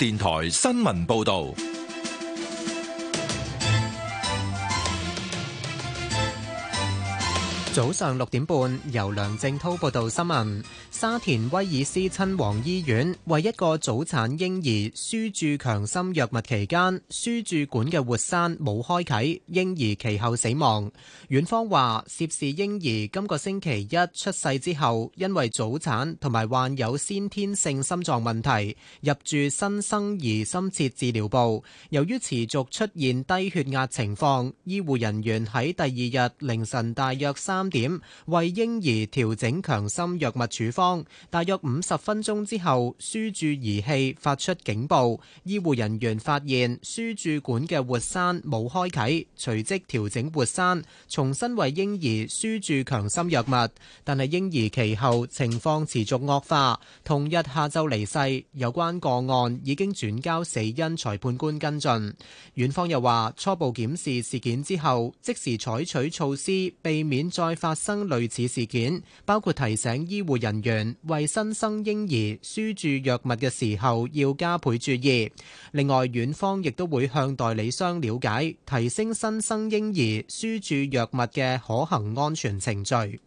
電台新聞報道。早上六點半，由梁正濤報道新聞。沙田威爾斯親王醫院為一個早產嬰兒輸注強心藥物期間，輸注管嘅活塞冇開啟，嬰兒其後死亡。院方話涉事嬰兒今個星期一出世之後，因為早產同埋患有先天性心臟問題，入住新生兒深切治療部。由於持續出現低血壓情況，醫護人員喺第二日凌晨大約三。三點為嬰兒調整強心藥物處方，大約五十分鐘之後，輸注儀器發出警報，醫護人員發現輸注管嘅活塞冇開啟，隨即調整活塞，重新為嬰兒輸注強心藥物。但係嬰兒其後情況持續惡化，同日下晝離世。有關個案已經轉交死因裁判官跟進。院方又話，初步檢視事件之後，即時採取措施避免再。發生類似事件，包括提醒醫護人員為新生嬰兒輸注藥物嘅時候要加倍注意。另外，院方亦都會向代理商了解，提升新生嬰兒輸注藥物嘅可行安全程序。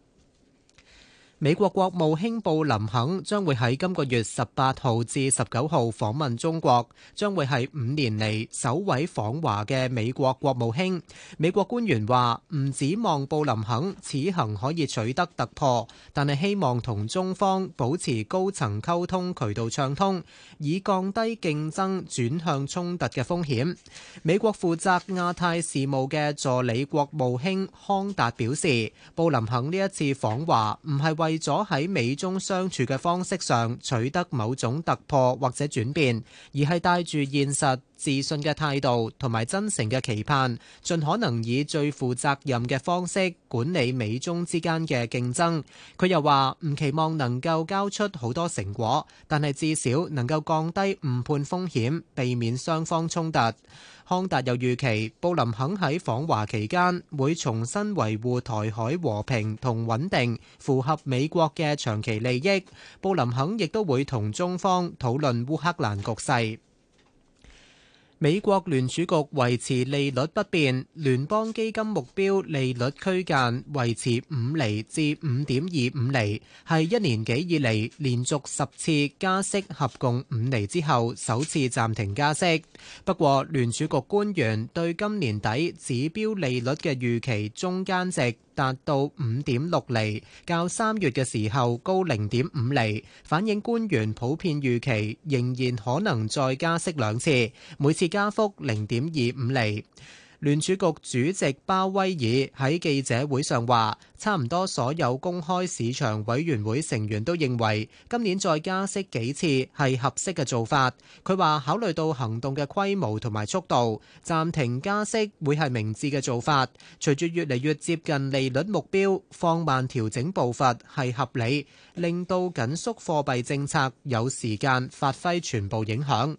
美國國務卿布林肯將會喺今個月十八號至十九號訪問中國，將會係五年嚟，首位訪華嘅美國國務卿。美國官員話，唔指望布林肯此行可以取得突破，但係希望同中方保持高層溝通渠道暢通。以降低競爭轉向衝突嘅風險。美國負責亞太事務嘅助理國務卿康達表示，布林肯呢一次訪華唔係為咗喺美中相處嘅方式上取得某種突破或者轉變，而係帶住現實。自信嘅態度同埋真誠嘅期盼，盡可能以最負責任嘅方式管理美中之間嘅競爭。佢又話：唔期望能夠交出好多成果，但係至少能夠降低誤判風險，避免雙方衝突。康達又預期，布林肯喺訪華期間會重新維護台海和平同穩定，符合美國嘅長期利益。布林肯亦都會同中方討論烏克蘭局勢。美國聯儲局維持利率不變，聯邦基金目標利率區間維持五厘至五點二五厘，係一年幾以嚟連續十次加息合共五厘之後，首次暫停加息。不過，聯儲局官員對今年底指標利率嘅預期中間值。達到五點六厘，較三月嘅時候高零點五厘，反映官員普遍預期仍然可能再加息兩次，每次加幅零點二五厘。聯儲局主席鮑威爾喺記者會上話，差唔多所有公開市場委員會成員都認為，今年再加息幾次係合適嘅做法。佢話考慮到行動嘅規模同埋速度，暫停加息會係明智嘅做法。隨住越嚟越接近利率目標，放慢調整步伐係合理，令到緊縮貨幣政策有時間發揮全部影響。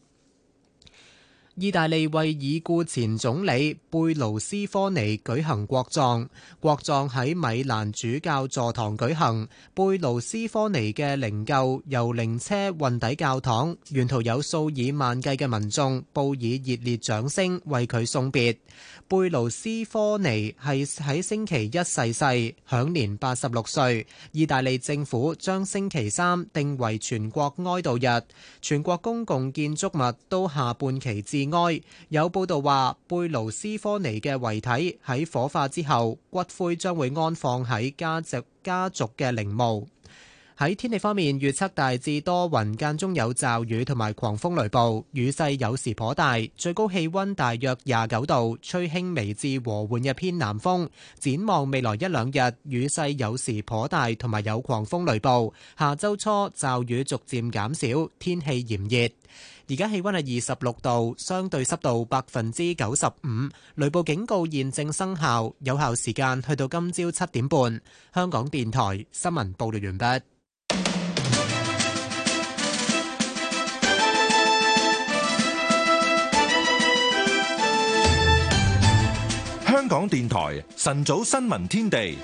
意大利為已故前總理貝盧斯科尼舉行國葬，國葬喺米蘭主教座堂舉行。貝盧斯科尼嘅靈柩由靈車運抵教堂，沿途有數以萬計嘅民眾報以熱烈掌聲為佢送別。貝盧斯科尼係喺星期一逝世，享年八十六歲。意大利政府將星期三定為全國哀悼日，全國公共建築物都下半旗志。另外，有報道話，貝魯斯科尼嘅遺體喺火化之後，骨灰將會安放喺家籍家族嘅陵墓。喺天氣方面，預測大致多雲間中有驟雨同埋狂風雷暴，雨勢有時頗大，最高氣溫大約廿九度，吹輕微至和緩嘅偏南風。展望未來一兩日，雨勢有時頗大，同埋有狂風雷暴。下周初驟雨逐漸減少，天氣炎熱。而家氣温係二十六度，相對濕度百分之九十五，雷暴警告現正生效，有效時間去到今朝七點半。香港電台新聞報道完畢。香港電台晨早新聞天地。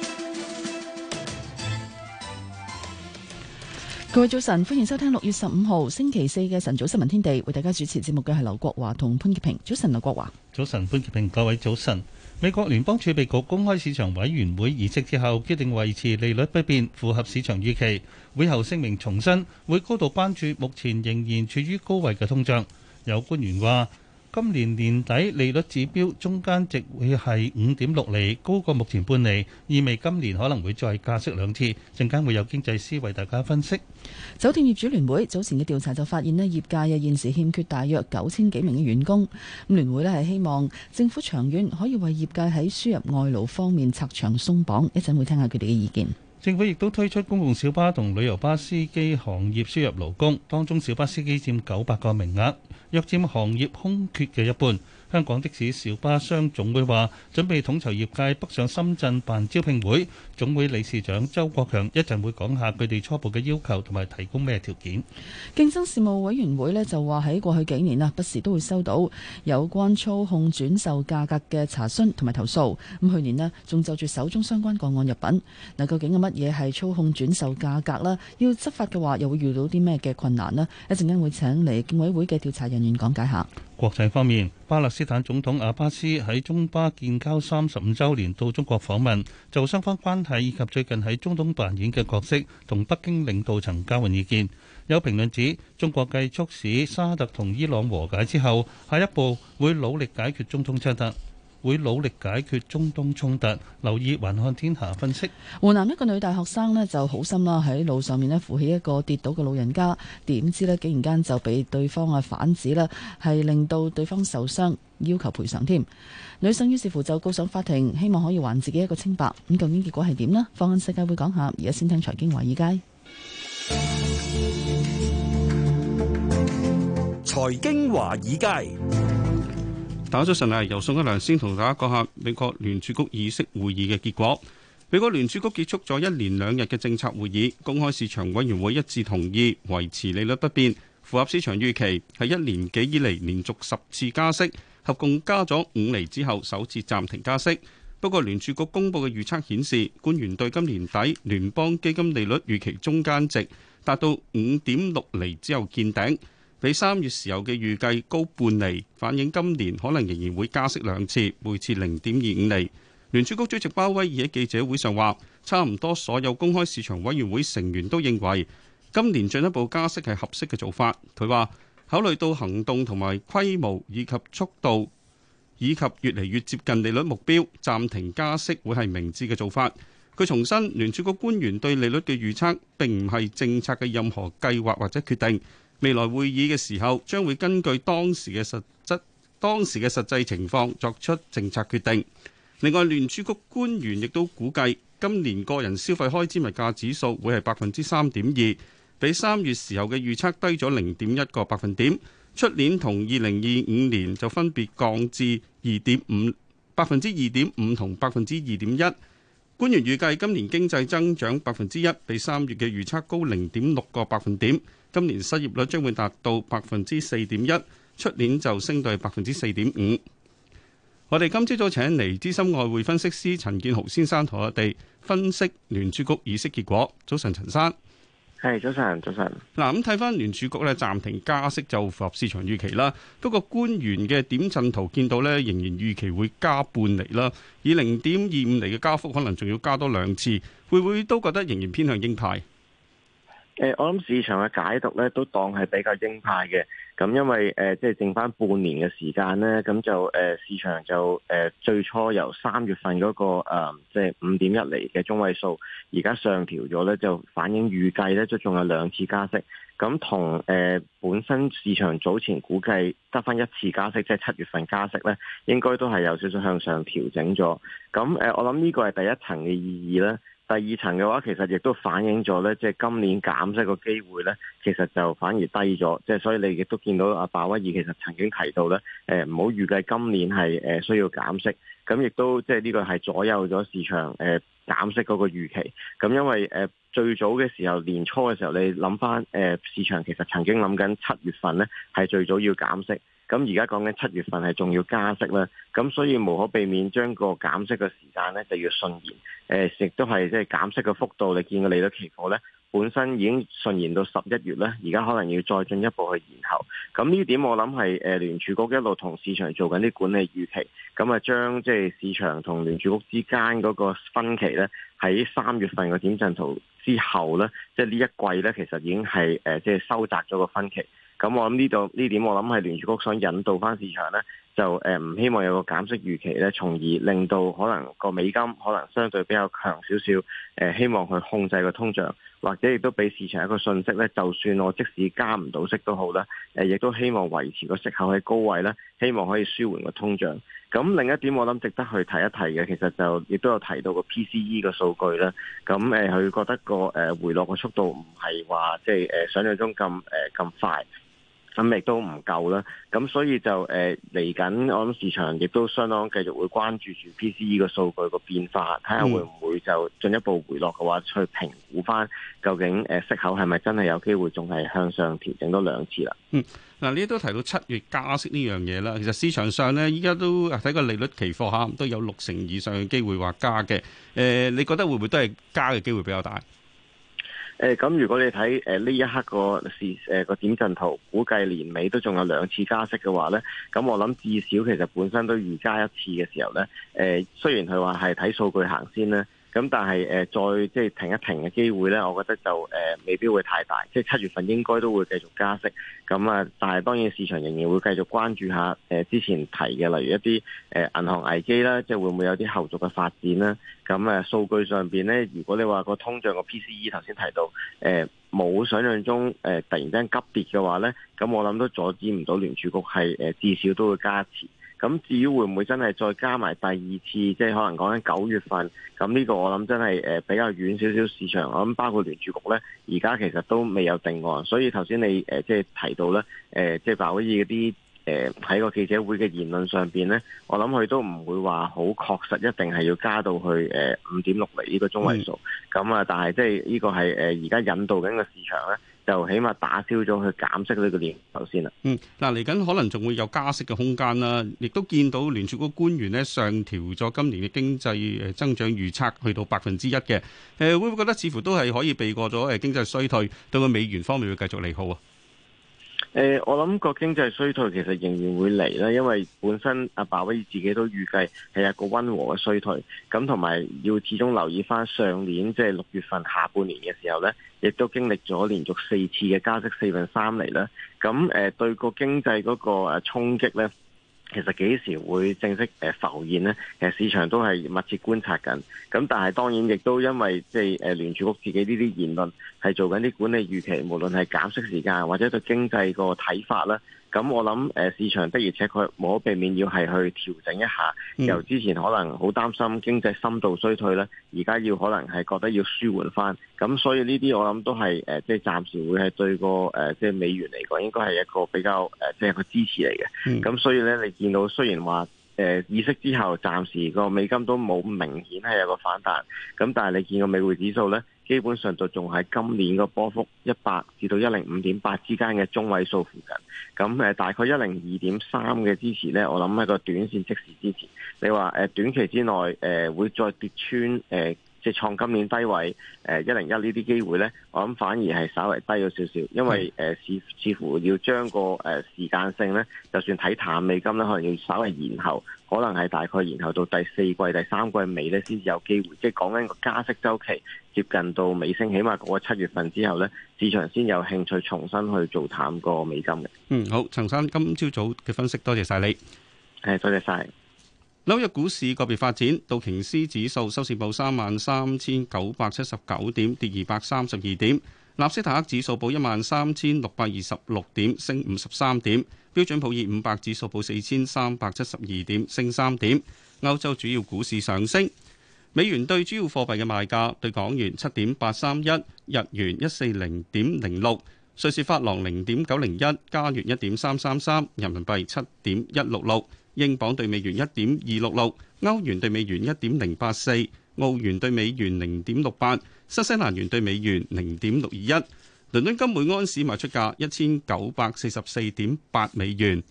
各位早晨，歡迎收聽六月十五號星期四嘅晨早新聞天地，為大家主持節目嘅係劉國華同潘潔平。早晨，劉國華。早晨，潘潔平。各位早晨。美國聯邦儲備局公開市場委員會議息之後決定維持利率不變，符合市場預期。會後聲明重申會高度關注目前仍然處於高位嘅通脹。有官員話。今年年底利率指標中間值會係五點六厘高過目前半厘意味今年可能會再加息兩次。陣間會有經濟師為大家分析。酒店業主聯會早前嘅調查就發現呢業界啊現時欠缺大約九千幾名嘅員工。咁聯會咧係希望政府長遠可以為業界喺輸入外勞方面拆牆鬆綁一陣會聽下佢哋嘅意見。政府亦都推出公共小巴同旅遊巴司機行業輸入勞工，當中小巴司機佔九百個名額，約佔行業空缺嘅一半。香港的士小巴商總會話，準備統籌業界北上深圳辦招聘會。總會理事長周國強一陣會講下佢哋初步嘅要求同埋提供咩條件。競爭事務委員會呢就話喺過去幾年啊，不時都會收到有關操控轉售價格嘅查詢同埋投訴。咁去年呢，仲就住手中相關個案入稟。嗱，究竟有乜嘢係操控轉售價格呢？要執法嘅話，又會遇到啲咩嘅困難呢？一陣間會請嚟競委會嘅調查人員講解下。國際方面，巴勒斯坦總統阿巴斯喺中巴建交三十五週年到中國訪問，就雙方關係以及最近喺中東扮演嘅角色，同北京領導層交換意見。有評論指，中國繼促使沙特同伊朗和解之後，下一步會努力解決中東爭端。會努力解決中東衝突。留意寰宇天下分析。湖南一個女大學生呢就好心啦，喺路上面咧扶起一個跌倒嘅老人家，點知呢？竟然間就被對方啊反指啦，係令到對方受傷，要求賠償添。女生於是乎就告上法庭，希望可以還自己一個清白。咁究竟結果係點呢？放眼世界會講下。而家先聽財經華爾街。財經華爾街。打咗神嚟，由宋一良先同大家講下美國聯儲局議息會議嘅結果。美國聯儲局結束咗一連兩日嘅政策會議，公開市場委員會一致同意維持利率不變，符合市場預期。係一年幾以嚟連續十次加息，合共加咗五厘之後，首次暫停加息。不過聯儲局公布嘅預測顯示，官員對今年底聯邦基金利率預期中間值達到五點六厘之後見頂。比三月時候嘅預計高半釐，反映今年可能仍然會加息兩次，每次零點二五釐。聯儲局主席鮑威爾喺記者會上話，差唔多所有公開市場委員會成員都認為今年進一步加息係合適嘅做法。佢話，考慮到行動同埋規模以及速度，以及越嚟越接近利率目標，暫停加息會係明智嘅做法。佢重申，聯儲局官員對利率嘅預測並唔係政策嘅任何計劃或者決定。未來會議嘅時候，將會根據當時嘅實質、當時嘅實際情況作出政策決定。另外，聯儲局官員亦都估計今年個人消費開支物價指數會係百分之三點二，比三月時候嘅預測低咗零點一個百分點。出年同二零二五年就分別降至二點五、百分之二點五同百分之二點一。官員預計今年經濟增長百分之一，比三月嘅預測高零點六個百分點。今年失業率將會達到百分之四點一，出年就升到百分之四點五。我哋今朝早請嚟資深外匯分析師陳建豪先生同我哋分析聯儲局議息結果。早晨，陳生。係早晨，早晨。嗱，咁睇翻聯儲局咧，暫停加息，就符合市場預期啦。不過官員嘅點陣圖見到咧，仍然預期會加半厘啦，以零點二五厘嘅加幅，可能仲要加多兩次，會唔會都覺得仍然偏向鷹派？誒、呃，我諗市場嘅解讀咧，都當係比較鷹派嘅，咁因為誒，即、呃、係剩翻半年嘅時間咧，咁就誒、呃，市場就誒、呃，最初由三月份嗰、那個誒、呃，即係五點一厘嘅中位數，而家上調咗咧，就反映預計咧，即仲有兩次加息，咁同誒、呃、本身市場早前估計得翻一次加息，即係七月份加息咧，應該都係有少少向上調整咗，咁誒、呃，我諗呢個係第一層嘅意義咧。第二層嘅話，其實亦都反映咗呢，即係今年減息個機會呢，其實就反而低咗，即係所以你亦都見到阿、啊、鮑威爾其實曾經提到呢，誒唔好預計今年係誒、呃、需要減息，咁亦都即係呢個係左右咗市場誒減、呃、息嗰個預期。咁因為誒、呃、最早嘅時候年初嘅時候，你諗翻誒市場其實曾經諗緊七月份呢係最早要減息。咁而家講緊七月份係仲要加息啦，咁所以無可避免將個減息嘅時間咧就要順延。誒、呃，亦都係即係減息嘅幅度，你見過利率期貨咧本身已經順延到十一月咧，而家可能要再進一步去延後。咁呢點我諗係誒聯儲局一路同市場做緊啲管理預期，咁啊將即係市場同聯儲局之間嗰個分歧咧，喺三月份嘅點陣圖之後咧，即係呢一季咧其實已經係誒即係收窄咗個分歧。咁我諗呢度呢點，我諗係聯儲局想引導翻市場呢，就誒唔希望有個減息預期呢，從而令到可能個美金可能相對比較強少少，誒希望去控制個通脹，或者亦都俾市場一個訊息呢，就算我即使加唔到息都好啦，誒亦都希望維持個息口喺高位咧，希望可以舒緩個通脹。咁另一點我諗值得去提一提嘅，其實就亦都有提到個 PCE 個數據啦。咁誒佢覺得個誒回落個速度唔係話即係誒想像中咁誒咁快。咁亦都唔夠啦，咁所以就誒嚟緊，我諗市場亦都相當繼續會關注住 PCE 個數據個變化，睇下會唔會就進一步回落嘅話，去評估翻究竟誒息口係咪真係有機會仲係向上調整多兩次啦？嗯，嗱，呢都提到七月加息呢樣嘢啦，其實市場上咧依家都睇個利率期貨下都有六成以上嘅機會話加嘅，誒、呃，你覺得會唔會都係加嘅機會比較大？誒咁、呃、如果你睇誒呢一刻個市誒個點陣圖，估計年尾都仲有兩次加息嘅話咧，咁我諗至少其實本身都預加一次嘅時候咧，誒、呃、雖然佢話係睇數據行先咧。咁但係誒再即係停一停嘅機會咧，我覺得就誒未必會太大，即係七月份應該都會繼續加息。咁啊，但係當然市場仍然會繼續關注下誒之前提嘅，例如一啲誒銀行危機啦，即係會唔會有啲後續嘅發展啦。咁誒數據上邊咧，如果你話個通脹個 PCE 頭先提到誒冇想象中誒突然間急跌嘅話咧，咁我諗都阻止唔到聯儲局係誒至少都會加一咁至於會唔會真係再加埋第二次，即係可能講緊九月份，咁呢個我諗真係誒比較遠少少市場。咁我諗包括聯儲局呢，而家其實都未有定案。所以頭先你誒即係提到呢，誒即係鮑威爾嗰啲誒喺個記者會嘅言論上邊呢，我諗佢都唔會話好確實一定係要加到去誒五點六厘呢個中位數。咁啊、嗯，但係即係呢個係誒而家引導緊個市場呢。就起碼打消咗去減息呢個念頭先啦。嗯，嗱嚟緊可能仲會有加息嘅空間啦，亦都見到聯儲局官員咧上調咗今年嘅經濟誒增長預測去到百分之一嘅。誒會唔會覺得似乎都係可以避過咗誒經濟衰退對個美元方面會繼續利好啊？誒、呃，我諗個經濟衰退其實仍然會嚟啦，因為本身阿鮑威爾自己都預計係一個溫和嘅衰退，咁同埋要始終留意翻上年即係六月份下半年嘅時候咧，亦都經歷咗連續四次嘅加息四分三嚟啦，咁誒、呃、對個經濟嗰個誒衝擊咧。其實幾時會正式誒浮現咧？其實市場都係密切觀察緊。咁但係當然亦都因為即係誒聯儲局自己呢啲言論係做緊啲管理預期，無論係減息時間或者對經濟個睇法啦。咁我諗，誒、嗯，市場的而且佢冇可避免要係去調整一下，由之前可能好擔心經濟深度衰退咧，而家要可能係覺得要舒緩翻，咁所以呢啲我諗都係，誒、呃，即係暫時會係對個，誒、呃，即係美元嚟講，應該係一個比較，誒、呃，即係個支持嚟嘅。咁、嗯、所以咧，你見到雖然話，誒、呃，議息之後，暫時個美金都冇明顯係有個反彈，咁但係你見個美匯指數咧。基本上就仲喺今年個波幅一百至到一零五點八之間嘅中位數附近，咁誒大概一零二點三嘅支持呢，我諗係個短線即時支持。你話誒短期之內誒、呃、會再跌穿誒？呃即係創今年低位，誒一零一呢啲機會咧，我諗反而係稍微低咗少少，因為誒似似乎要將個誒、呃、時間性咧，就算睇淡美金咧，可能要稍微延後，可能係大概延後到第四季、第三季尾咧，先至有機會。即係講緊個加息周期接近到尾聲，起碼過七月份之後咧，市場先有興趣重新去做淡個美金嘅。嗯，好，陳生今朝早嘅分析，多謝晒你。係、呃，多謝晒。紐約股市個別發展，道瓊斯指數收市報三萬三千九百七十九點，跌二百三十二點；納斯達克指數報一萬三千六百二十六點，升五十三點；標準普爾五百指數報四千三百七十二點，升三點。歐洲主要股市上升，美元對主要貨幣嘅賣價：對港元七點八三一，日元一四零點零六，瑞士法郎零點九零一，加元一點三三三，人民幣七點一六六。英鎊兌美元一點二六六，歐元兌美元一點零八四，澳元兌美元零點六八，新西蘭元兌美元零點六二一。倫敦金每安士賣出價一千九百四十四點八美元。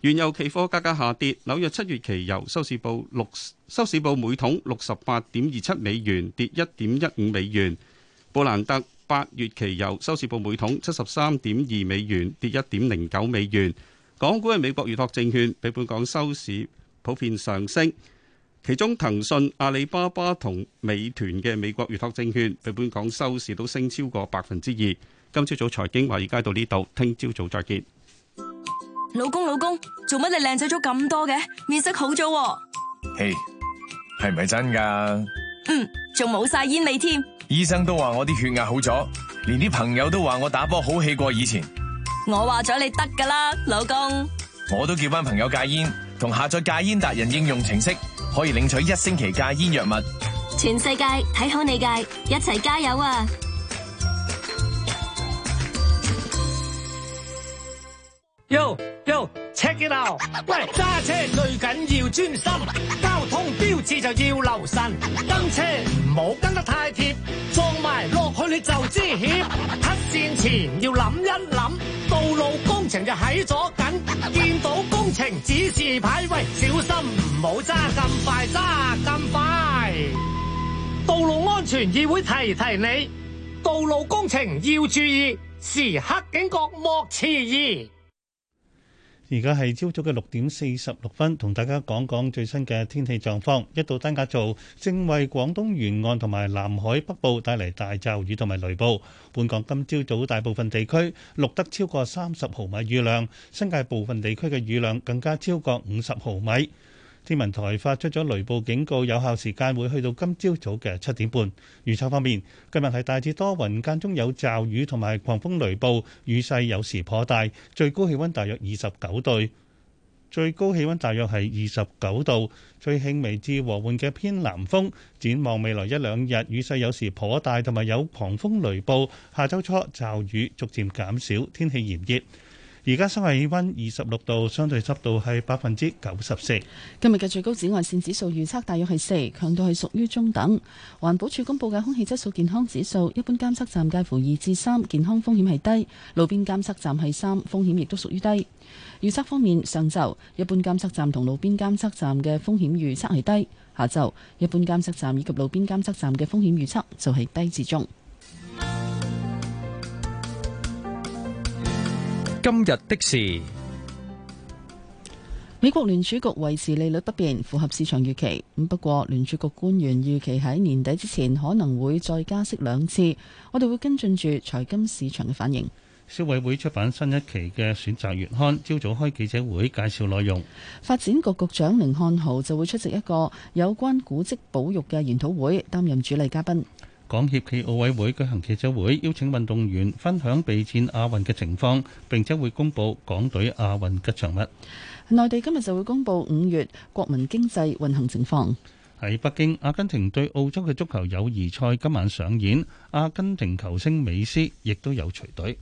原油期貨價格下跌，紐約七月期油收市報六，收市報每桶六十八點二七美元，跌一點一五美元。布蘭特八月期油收市報每桶七十三點二美元，跌一點零九美元。港股嘅美國預託證券，比本港收市普遍上升。其中騰訊、阿里巴巴同美團嘅美國預託證券比本港收市都升超過百分之二。今朝早財經華爾街到呢度，聽朝早再見。老公，老公，做乜你靚仔咗咁多嘅？面色好咗。嘿，hey，係咪真噶？嗯，仲冇晒煙味添。醫生都話我啲血壓好咗，連啲朋友都話我打波好氣過以前。我話咗你得噶啦，老公。我都叫翻朋友戒煙，同下載戒煙達人應用程式，可以領取一星期戒煙藥物。全世界睇好你戒，一齊加油啊！喲喲，check it out 喂，揸車最緊要專心，交通標誌就要留神，跟車唔好跟得太貼，撞埋落去你就知險。黑綫前要諗一諗，道路工程就喺左近，見到工程指示牌喂，小心唔好揸咁快，揸咁快。道路安全議會提提你，道路工程要注意，時刻警覺莫遲疑。而家係朝早嘅六點四十六分，同大家講講最新嘅天氣狀況。一道低壓槽正為廣東沿岸同埋南海北部帶嚟大驟雨同埋雷暴。本港今朝早，早大部分地區錄得超過三十毫米雨量，新界部分地區嘅雨量更加超過五十毫米。天文台發出咗雷暴警告，有效時間會去到今朝早嘅七點半。預測方面，今日係大致多雲，間中有驟雨同埋狂風雷暴，雨勢有時頗大，最高氣温大約二十九度。最高氣温大約係二十九度，吹輕微至和緩嘅偏南風。展望未來一兩日，雨勢有時頗大，同埋有狂風雷暴。下周初驟雨逐漸減，減少，天氣炎熱。而家室外氣溫二十六度，相對濕度係百分之九十四。今日嘅最高紫外線指數預測大約係四，強度係屬於中等。環保署公布嘅空氣質素健康指數，一般監測站介乎二至三，健康風險係低；路邊監測站係三，風險亦都屬於低。預測方面，上晝一般監測站同路邊監測站嘅風險預測係低；下晝一般監測站以及路邊監測站嘅風險預測就係低至中。今日的事，美國聯儲局維持利率不變，符合市場預期。咁不過，聯儲局官員預期喺年底之前可能會再加息兩次。我哋會跟進住財金市場嘅反應。消委會出版新一期嘅選擇月刊，朝早開記者會介紹內容。發展局局長甯漢豪就會出席一個有關古蹟保育嘅研討會，擔任主禮嘉賓。港協暨奧委會舉行記者會，邀請運動員分享備戰亞運嘅情況，並且會公布港隊亞運吉祥物。內地今日就會公布五月國民經濟運行情況。喺北京，阿根廷對澳洲嘅足球友誼賽今晚上演，阿根廷球星美斯亦都有隨隊。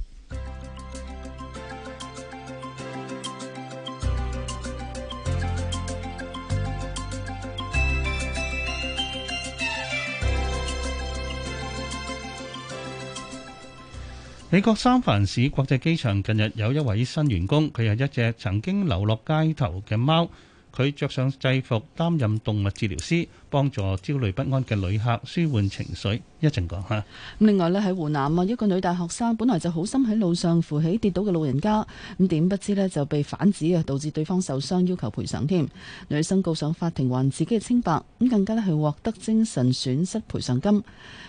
美國三藩市國際機場近日有一位新員工，佢係一隻曾經流落街頭嘅貓。佢着上制服，擔任動物治療師，幫助焦慮不安嘅旅客舒緩情緒。一陣講下。另外咧喺湖南啊，一個女大學生，本來就好心喺路上扶起跌倒嘅老人家，咁點不知咧就被反指啊，導致對方受傷，要求賠償添。女生告上法庭，還自己嘅清白，咁更加咧係獲得精神損失賠償金。咁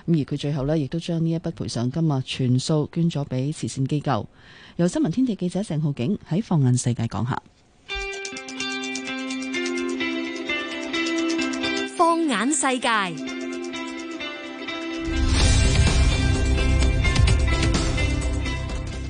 而佢最後咧亦都將呢一筆賠償金啊全數捐咗俾慈善機構。由新聞天地記者鄭浩景喺放眼世界講下。眼世界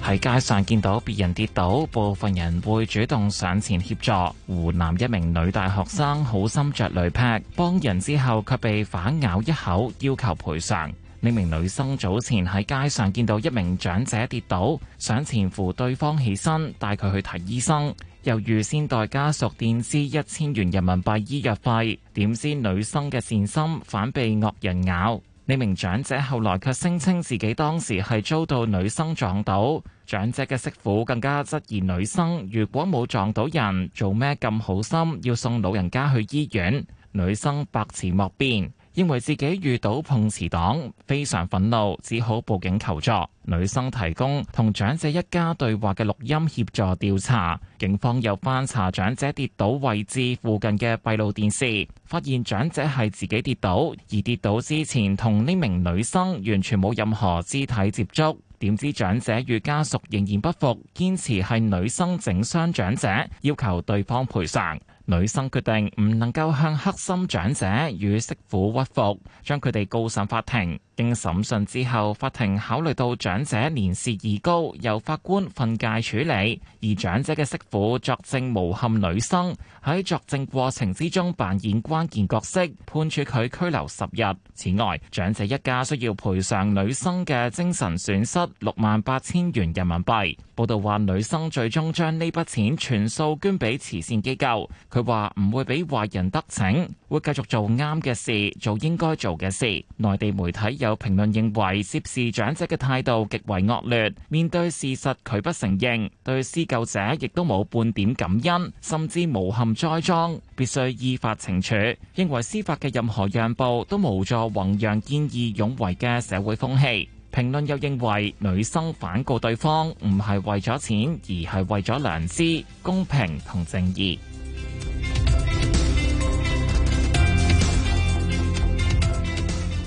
喺街上見到別人跌倒，部分人會主動上前協助。湖南一名女大學生好心着雷劈，幫人之後，卻被反咬一口，要求賠償。呢名女生早前喺街上見到一名長者跌倒，想前扶對方起身，帶佢去睇醫生，又預先代家屬墊資一千元人民幣醫藥費，點知女生嘅善心反被惡人咬。呢名長者後來卻聲稱自己當時，係遭到女生撞到。長者嘅媳婦更加質疑女生，如果冇撞到人，做咩咁好心要送老人家去醫院？女生百辭莫辯。認為自己遇到碰瓷黨，非常憤怒，只好報警求助。女生提供同長者一家對話嘅錄音協助調查，警方又翻查長者跌倒位置附近嘅閉路電視，發現長者係自己跌倒，而跌倒之前同呢名女生完全冇任何肢體接觸。點知長者與家屬仍然不服，堅持係女生整傷長者，要求對方賠償。女生決定唔能夠向黑心長者與媳婦屈服，將佢哋告上法庭。經審訊之後，法庭考慮到長者年事已高，由法官訓誡處理；而長者嘅媳婦作證誣陷女生，喺作證過程之中扮演關鍵角色，判處佢拘留十日。此外，長者一家需要賠償女生嘅精神損失六萬八千元人民幣。報道話，女生最終將呢筆錢全數捐俾慈善機構。佢話唔會俾壞人得逞，會繼續做啱嘅事，做應該做嘅事。內地媒體有。有評論認為涉事長者嘅態度極為惡劣，面對事實拒不承認，對施救者亦都冇半點感恩，甚至誣陷栽贓，必須依法懲處。認為司法嘅任何讓步都無助弘揚見義勇為嘅社會風氣。評論又認為女生反告對方唔係為咗錢，而係為咗良知、公平同正義。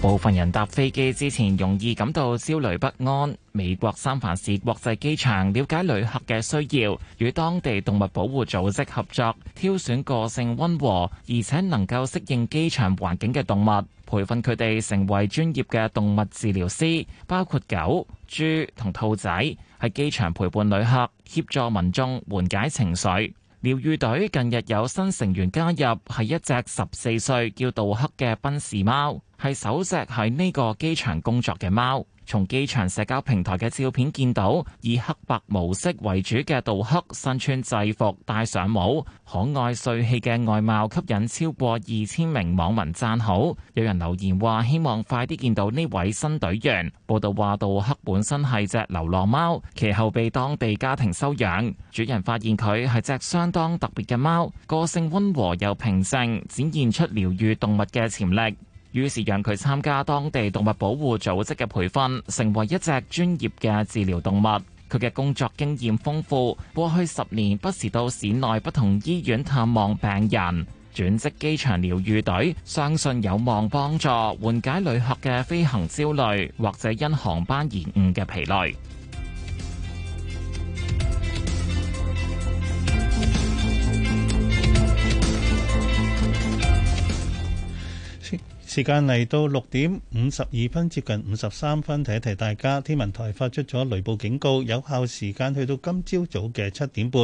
部分人搭飛機之前容易感到焦慮不安。美國三藩市國際機場了解旅客嘅需要，與當地動物保護組織合作，挑選個性温和而且能夠適應機場環境嘅動物，培訓佢哋成為專業嘅動物治療師，包括狗、豬同兔仔喺機場陪伴旅客，協助民眾緩解情緒。療癒隊近日有新成員加入，係一隻十四歲叫杜克嘅賓士貓。係首隻喺呢個機場工作嘅貓。從機場社交平台嘅照片見到，以黑白模式為主嘅杜克身穿制服，戴上帽，可愛帥氣嘅外貌吸引超過二千名網民讚好。有人留言話：希望快啲見到呢位新隊員。報道話，杜克本身係隻流浪貓，其後被當地家庭收養。主人發現佢係隻相當特別嘅貓，個性溫和又平靜，展現出療愈動物嘅潛力。於是讓佢參加當地動物保護組織嘅培訓，成為一隻專業嘅治療動物。佢嘅工作經驗豐富，過去十年不時到市內不同醫院探望病人。轉職機場療愈隊相信有望幫助緩解旅客嘅飛行焦慮，或者因航班延誤嘅疲累。時間嚟到六點五十二分，接近五十三分，提一提大家。天文台發出咗雷暴警告，有效時間去到今朝早嘅七點半。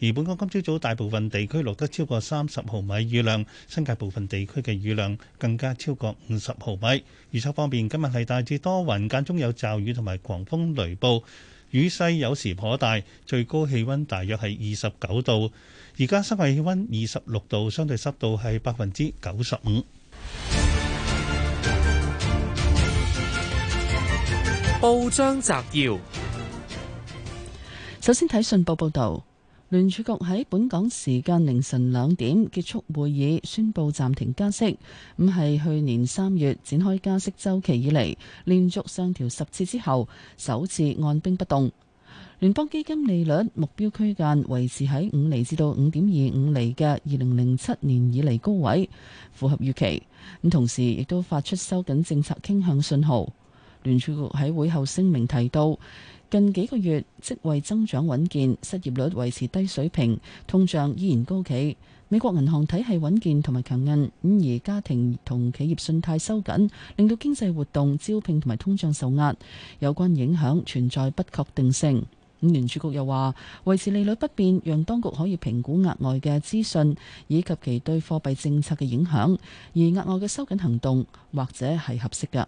而本港今朝早大部分地區錄得超過三十毫米雨量，新界部分地區嘅雨量更加超過五十毫米。預測方面，今日係大致多雲，間中有驟雨同埋狂風雷暴，雨勢有時頗大，最高氣温大約係二十九度。而家室外氣温二十六度，相對濕度係百分之九十五。報章摘要：首先睇信報報道，聯儲局喺本港時間凌晨兩點結束會議，宣布暫停加息。咁係去年三月展開加息周期以嚟，連續上調十次之後，首次按兵不動。聯邦基金利率目標區間維持喺五厘至到五點二五厘嘅二零零七年以嚟高位，符合預期。咁同時亦都發出收緊政策傾向信號。聯儲局喺會後聲明提到，近幾個月職位增長穩健，失業率維持低水平，通脹依然高企。美國銀行體系穩健同埋強韌，而家庭同企業信貸收緊，令到經濟活動、招聘同埋通脹受壓。有關影響存在不確定性。聯儲局又話，維持利率不變，讓當局可以評估額外嘅資訊以及其對貨幣政策嘅影響，而額外嘅收緊行動或者係合適嘅。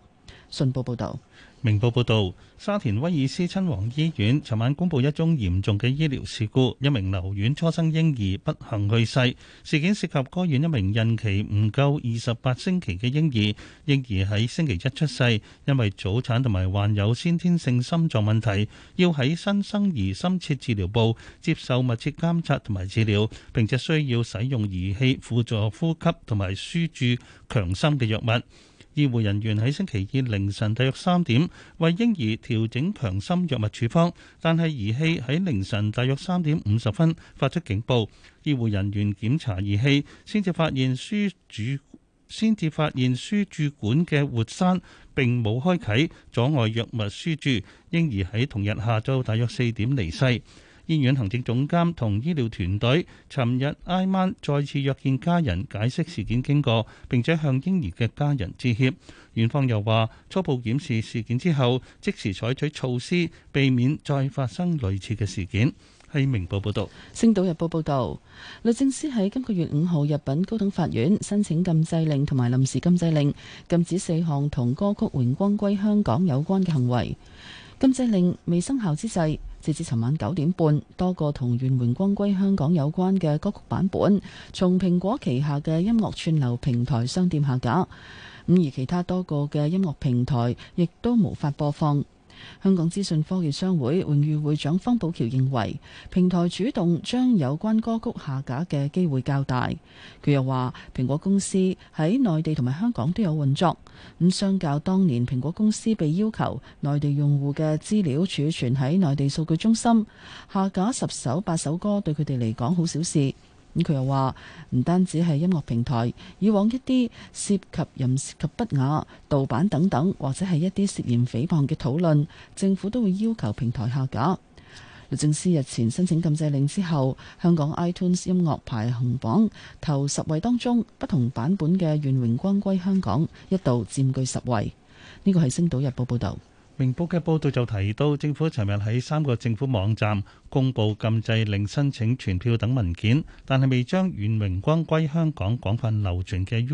信報報導，明報報道，沙田威爾斯親王醫院尋晚公布一宗嚴重嘅醫療事故，一名留院初生嬰兒不幸去世。事件涉及該院一名孕期唔夠二十八星期嘅嬰兒，嬰兒喺星期一出世，因為早產同埋患有先天性心臟問題，要喺新生兒深切治療部接受密切監察同埋治療，並且需要使用儀器輔助呼吸同埋輸注強心嘅藥物。醫護人員喺星期二凌晨大約三點為嬰兒調整強心藥物處方，但係儀器喺凌晨大約三點五十分發出警報。醫護人員檢查儀器，先至發現輸注先至發現輸注管嘅活塞並冇開啟，阻礙藥物輸注。嬰兒喺同日下晝大約四點離世。醫院行政總監同醫療團隊尋日挨晚再次約見家人，解釋事件經過，並且向嬰兒嘅家人致歉。院方又話，初步檢視事件之後，即時採取措施，避免再發生類似嘅事件。係明報報導。《星島日報》報道：「律政司喺今個月五號入禀高等法院，申請禁制令同埋臨時禁制令，禁止四項同歌曲《榮光歸香港》有關嘅行為。禁制令未生效之際。截至尋晚九點半，多個同願榮光歸香港有關嘅歌曲版本，從蘋果旗下嘅音樂串流平台商店下架，咁而其他多個嘅音樂平台亦都無法播放。香港資訊科技商會榮譽會長方寶橋認為，平台主動將有關歌曲下架嘅機會較大。佢又話，蘋果公司喺內地同埋香港都有運作，咁相較當年蘋果公司被要求內地用戶嘅資料儲存喺內地數據中心，下架十首八首歌對佢哋嚟講好小事。佢又話：唔單止係音樂平台，以往一啲涉及淫涉及不雅、盜版等等，或者係一啲涉嫌誹謗嘅討論，政府都會要求平台下架。律政司日前申請禁制令之後，香港 iTunes 音樂排行榜頭十位當中，不同版本嘅《願榮光歸香港》一度佔據十位。呢個係《星島日報》報導。明報嘅報道就提到，政府尋日喺三個政府網站公布禁制令申請傳票等文件，但係未將願榮光歸香港廣泛流傳嘅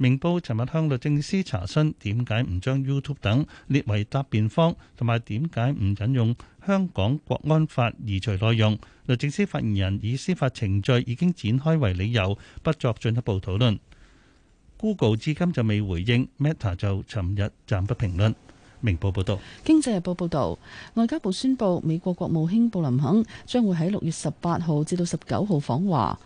明報尋日向律政司查詢點解唔將 YouTube 等列為答辯方，同埋點解唔引用香港國安法移除內容。律政司發言人以司法程序已經展開為理由，不作進一步討論。Google 至今就未回應，Meta 就尋日暫不評論。明報報道，經濟日報報道，外交部宣佈，美國國務卿布林肯將會喺六月十八號至到十九號訪華。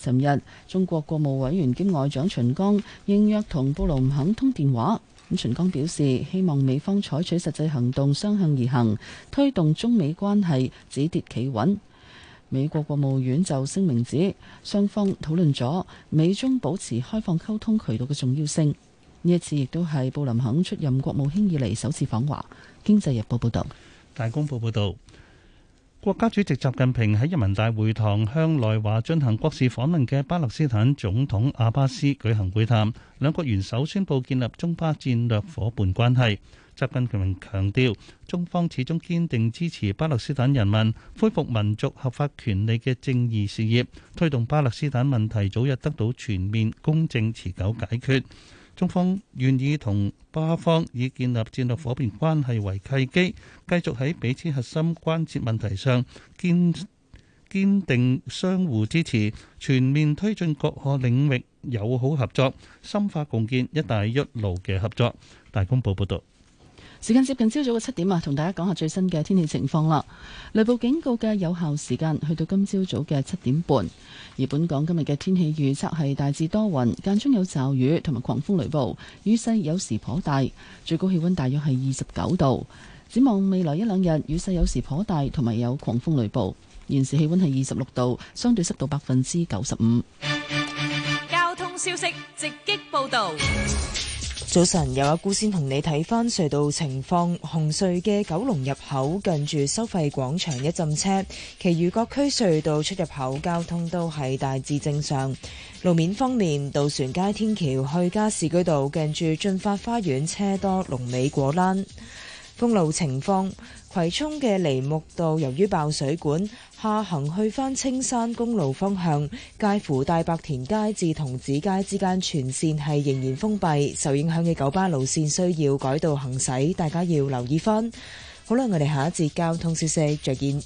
尋日，中國國務委員兼外長秦剛應約同布林肯通電話。咁秦剛表示，希望美方採取實際行動，相向而行，推動中美關係止跌企穩。美國國務院就聲明指，雙方討論咗美中保持開放溝通渠道嘅重要性。呢一次亦都係布林肯出任國務卿以嚟首次訪華。《經濟日報》報道，《大公報》報道，國家主席習近平喺人民大會堂向來華進行國事訪問嘅巴勒斯坦總統阿巴斯舉行會談，兩國元首宣布建立中巴戰略夥伴關係。習近平強調，中方始終堅定支持巴勒斯坦人民恢復民族合法權利嘅正義事業，推動巴勒斯坦問題早日得到全面、公正、持久解決。中方願意同巴方以建立戰略伙伴關係為契機，繼續喺彼此核心關切問題上堅堅定相互支持，全面推進各個領域友好合作，深化共建“一帶一路”嘅合作。大公報報道。時間接近朝早嘅七點啊，同大家講下最新嘅天氣情況啦。雷暴警告嘅有效時間去到今朝早嘅七點半。而本港今日嘅天氣預測係大致多雲，間中有驟雨同埋狂風雷暴，雨勢有時頗大，大，最高氣溫大約係二十九度。展望未來一兩日，雨勢有時頗大，同埋有狂風雷暴。現時氣溫係二十六度，相對濕度百分之九十五。交通消息直擊報道。早晨，有阿姑先同你睇翻隧道情況。紅隧嘅九龍入口近住收費廣場一陣車，其餘各區隧道出入口交通都係大致正常。路面方面，渡船街天橋去加士居道近住駿發花園車多，龍尾果欄。公路情況。葵涌嘅梨木道由於爆水管，下行去返青山公路方向，介乎大白田街至同子街之間全線係仍然封閉，受影響嘅九巴路線需要改道行駛，大家要留意返。好啦，我哋下一節交通消息再見。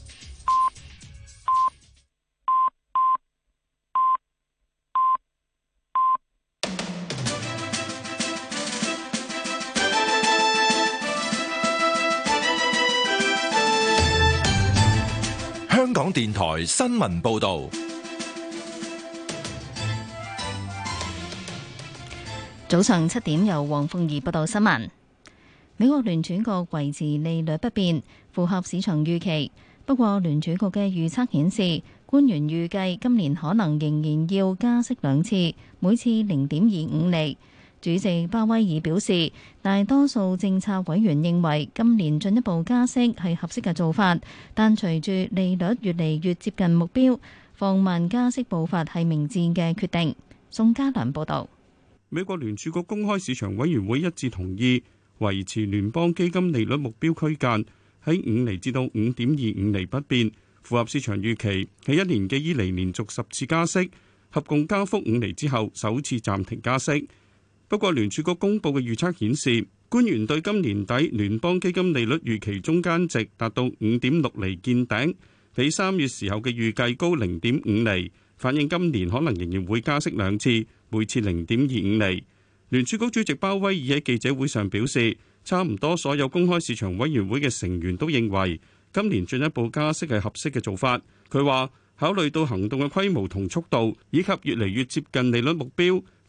香港電台新聞報道，早上七點由黃鳳儀報道新聞。美國聯儲局維持利率不變，符合市場預期。不過，聯儲局嘅預測顯示，官員預計今年可能仍然要加息兩次，每次零點二五厘。主席鮑威爾表示，大多數政策委員認為今年進一步加息係合適嘅做法，但隨住利率越嚟越接近目標，放慢加息步伐係明智嘅決定。宋嘉良報道，美國聯儲局公開市場委員會一致同意維持聯邦基金利率目標區間喺五厘至到五點二五厘不變，符合市場預期。喺一年嘅以嚟連續十次加息，合共加幅五厘之後，首次暫停加息。不過聯儲局公布嘅預測顯示，官員對今年底聯邦基金利率預期中間值達到五點六厘見頂，比三月時候嘅預計高零點五厘，反映今年可能仍然會加息兩次，每次零點二五厘。聯儲局主席鮑威爾喺記者會上表示，差唔多所有公開市場委員會嘅成員都認為，今年進一步加息係合適嘅做法。佢話考慮到行動嘅規模同速度，以及越嚟越接近利率目標。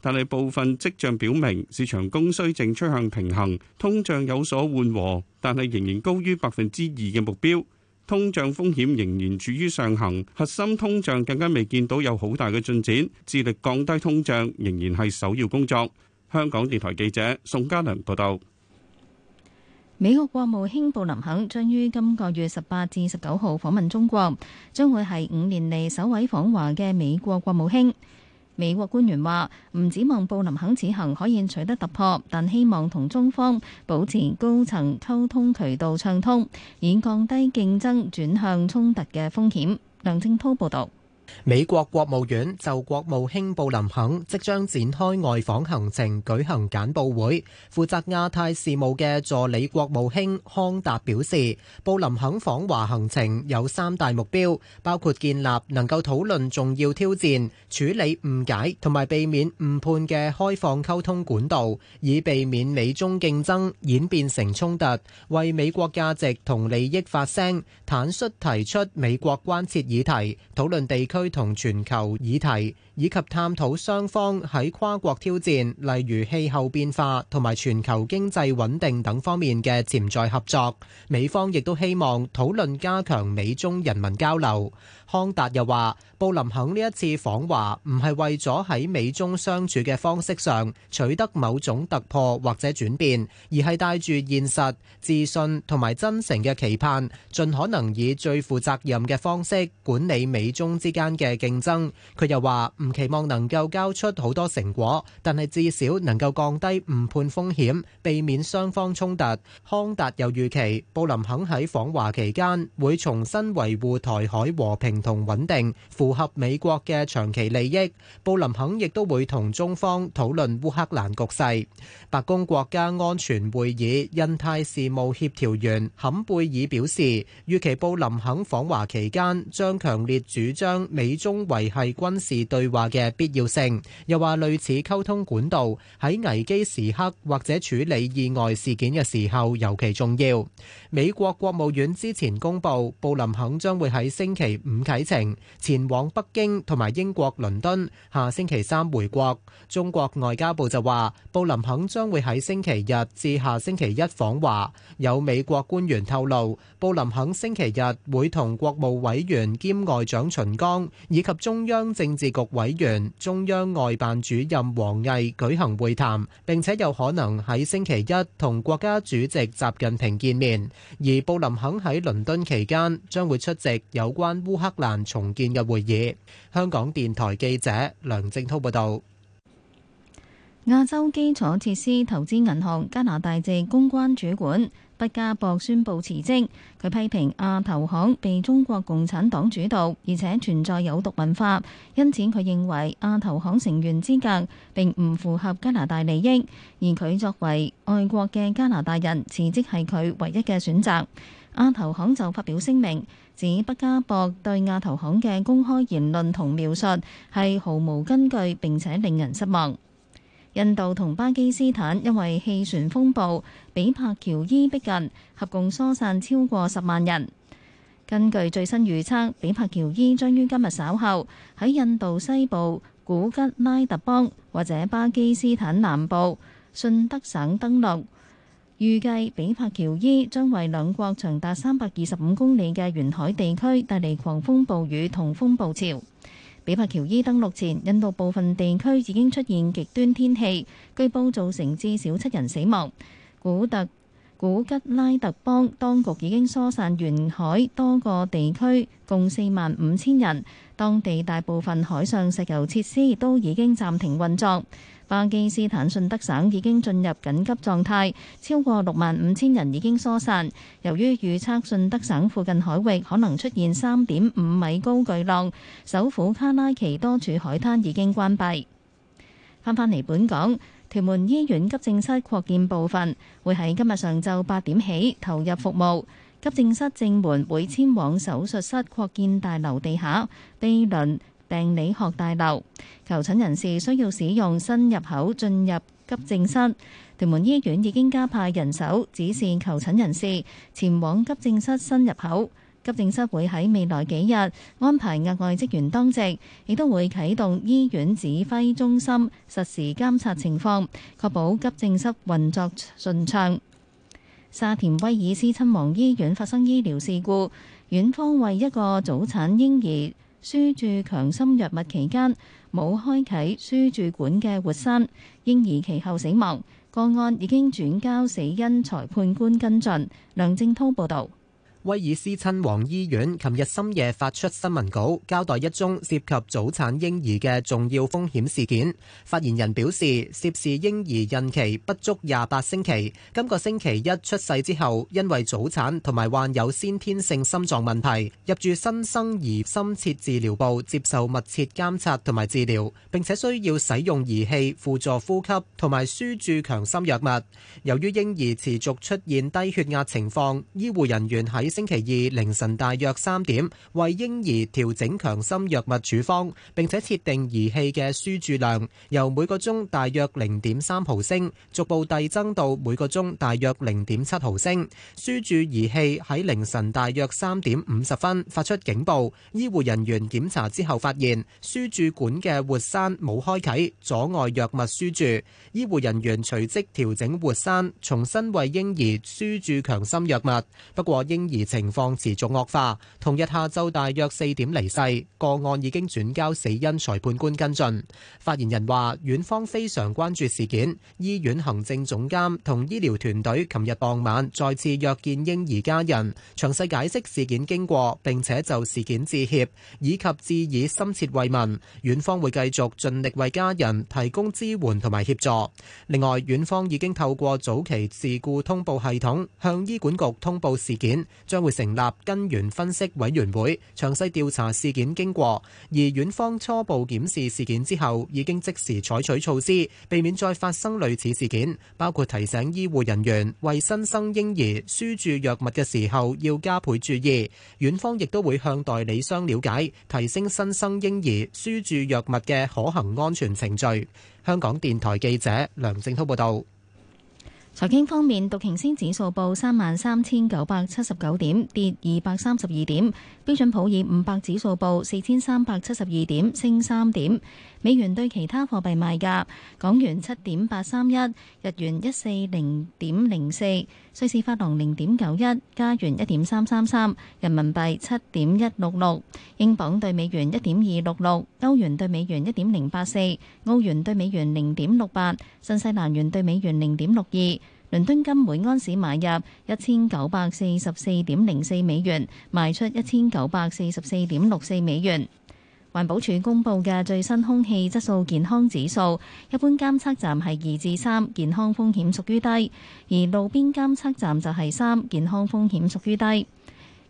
但係部分跡象表明，市場供需正趨向平衡，通脹有所緩和，但係仍然高於百分之二嘅目標。通脹風險仍然處於上行，核心通脹更加未見到有好大嘅進展。致力降低通脹仍然係首要工作。香港電台記者宋家良報道。美國國務卿布林肯將於今個月十八至十九號訪問中國，將會係五年嚟首位訪華嘅美國國務卿。美國官員話：唔指望布林肯此行可以取得突破，但希望同中方保持高層溝通渠道暢通，以降低競爭轉向衝突嘅風險。梁正滔報導。美國國務院就國務卿布林肯即將展開外訪行程舉行簡報會，負責亞太事務嘅助理國務卿康達表示，布林肯訪華行程有三大目標，包括建立能夠討論重要挑戰、處理誤解同埋避免誤判嘅開放溝通管道，以避免美中競爭演變成衝突，為美國價值同利益發聲，坦率提出美國關切議題，討論地區。同全球議題，以及探討雙方喺跨國挑戰，例如氣候變化同埋全球經濟穩定等方面嘅潛在合作。美方亦都希望討論加強美中人民交流。康達又話，布林肯呢一次訪華唔係為咗喺美中相處嘅方式上取得某種突破或者轉變，而係帶住現實、自信同埋真誠嘅期盼，盡可能以最負責任嘅方式管理美中之間。嘅競爭，佢又話唔期望能夠交出好多成果，但係至少能夠降低誤判風險，避免雙方衝突。康達又預期布林肯喺訪華期間會重新維護台海和平同穩定，符合美國嘅長期利益。布林肯亦都會同中方討論烏克蘭局勢。白宮國家安全會議印太事務協調員坎貝爾表示，預期布林肯訪華期間將強烈主張美中維繫軍事對話嘅必要性以及中央政治局委員、中央外辦主任王毅舉行會談，並且有可能喺星期一同國家主席習近平見面。而布林肯喺倫敦期間將會出席有關烏克蘭重建嘅會議。香港電台記者梁正濤報道。亞洲基礎設施投資銀行加拿大籍公關主管。畢加博宣布辭職，佢批評亞投行被中國共產黨主導，而且存在有毒文化，因此佢認為亞投行成員資格並唔符合加拿大利益，而佢作為愛國嘅加拿大人辭職係佢唯一嘅選擇。亞投行就發表聲明，指畢加博對亞投行嘅公開言論同描述係毫無根據，並且令人失望。印度同巴基斯坦因為氣旋風暴比帕喬伊逼近，合共疏散超過十萬人。根據最新預測，比帕喬伊將於今日稍後喺印度西部古吉拉特邦或者巴基斯坦南部信德省登陸。預計比帕喬伊將為兩國長達三百二十五公里嘅沿海地區帶嚟狂風暴雨同風暴潮。比帕喬伊登陸前，印度部分地區已經出現極端天氣，據報造成至少七人死亡。古特古吉拉特邦當局已經疏散沿海多個地區，共四萬五千人。當地大部分海上石油設施都已經暫停運作。巴基斯坦信德省已經進入緊急狀態，超過六萬五千人已經疏散。由於預測信德省附近海域可能出現三點五米高巨浪，首府卡拉奇多處海灘已經關閉。翻返嚟本港，屯門醫院急症室擴建部分會喺今日上晝八點起投入服務，急症室正門會遷往手術室擴建大樓地下。李林，病理學大樓，求診人士需要使用新入口進入急症室。屯門醫院已經加派人手指示求診人士前往急症室新入口。急症室會喺未來幾日安排額外職員當值，亦都會啟動醫院指揮中心實時監察情況，確保急症室運作順暢。沙田威爾斯親王醫院發生醫療事故，院方為一個早產嬰兒。輸注強心藥物期間冇開啟輸注管嘅活塞，嬰兒其後死亡。個案已經轉交死因裁判官跟進。梁正濤報道。威爾斯親王醫院琴日深夜發出新聞稿，交代一宗涉及早產嬰兒嘅重要風險事件。發言人表示，涉事嬰兒孕期不足廿八星期，今個星期一出世之後，因為早產同埋患有先天性心臟問題，入住新生兒深切治療部接受密切監察同埋治療，並且需要使用儀器輔助呼吸同埋輸注強心藥物。由於嬰兒持續出現低血壓情況，醫護人員喺星期二凌晨大約三點為嬰兒調整強心藥物處方，並且設定儀器嘅輸注量，由每個鐘大約零點三毫升，逐步遞增到每個鐘大約零點七毫升。輸注儀器喺凌晨大約三點五十分發出警報，醫護人員檢查之後發現，輸注管嘅活塞冇開啟，阻礙藥物輸注。醫護人員隨即調整活塞，重新為嬰兒輸注強心藥物。不過嬰兒。而情況持續惡化，同日下晝大約四點離世。個案已經轉交死因裁判官跟進。發言人話：院方非常關注事件，醫院行政總監同醫療團隊琴日傍晚再次約見嬰兒家人，詳細解釋事件經過，並且就事件致歉，以及致以深切慰問。院方會繼續盡力為家人提供支援同埋協助。另外，院方已經透過早期事故通報系統向醫管局通報事件。將會成立根源分析委員會，詳細調查事件經過。而院方初步檢視事件之後，已經即時採取措施，避免再發生類似事件，包括提醒醫護人員為新生嬰兒輸注藥物嘅時候要加倍注意。院方亦都會向代理商了解，提升新生嬰兒輸注藥物嘅可行安全程序。香港電台記者梁正滔報道。財經方面，道瓊斯指數報三萬三千九百七十九點，跌二百三十二點；標準普爾五百指數報四千三百七十二點，升三點。美元對其他貨幣賣價：港元七點八三一，日元一四零點零四，瑞士法郎零點九一，加元一點三三三，人民幣七點一六六，英鎊對美元一點二六六，歐元對美元一點零八四，澳元對美元零點六八，新西蘭元對美元零點六二。倫敦金每安士買入一千九百四十四點零四美元，賣出一千九百四十四點六四美元。環保署公布嘅最新空氣質素健康指數，一般監測站係二至三，健康風險屬於低；而路邊監測站就係三，健康風險屬於低。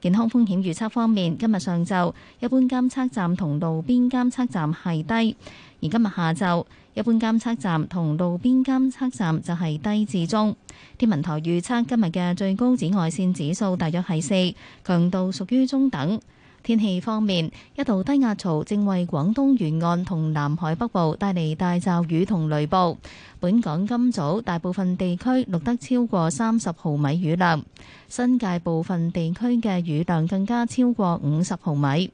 健康風險預測方面，今日上晝一般監測站同路邊監測站係低；而今日下晝一般監測站同路邊監測站就係低至中。天文台預測今日嘅最高紫外線指數大約係四，強度屬於中等。天氣方面，一道低壓槽正為廣東沿岸同南海北部帶嚟大驟雨同雷暴。本港今早大部分地區錄得超過三十毫米雨量，新界部分地區嘅雨量更加超過五十毫米。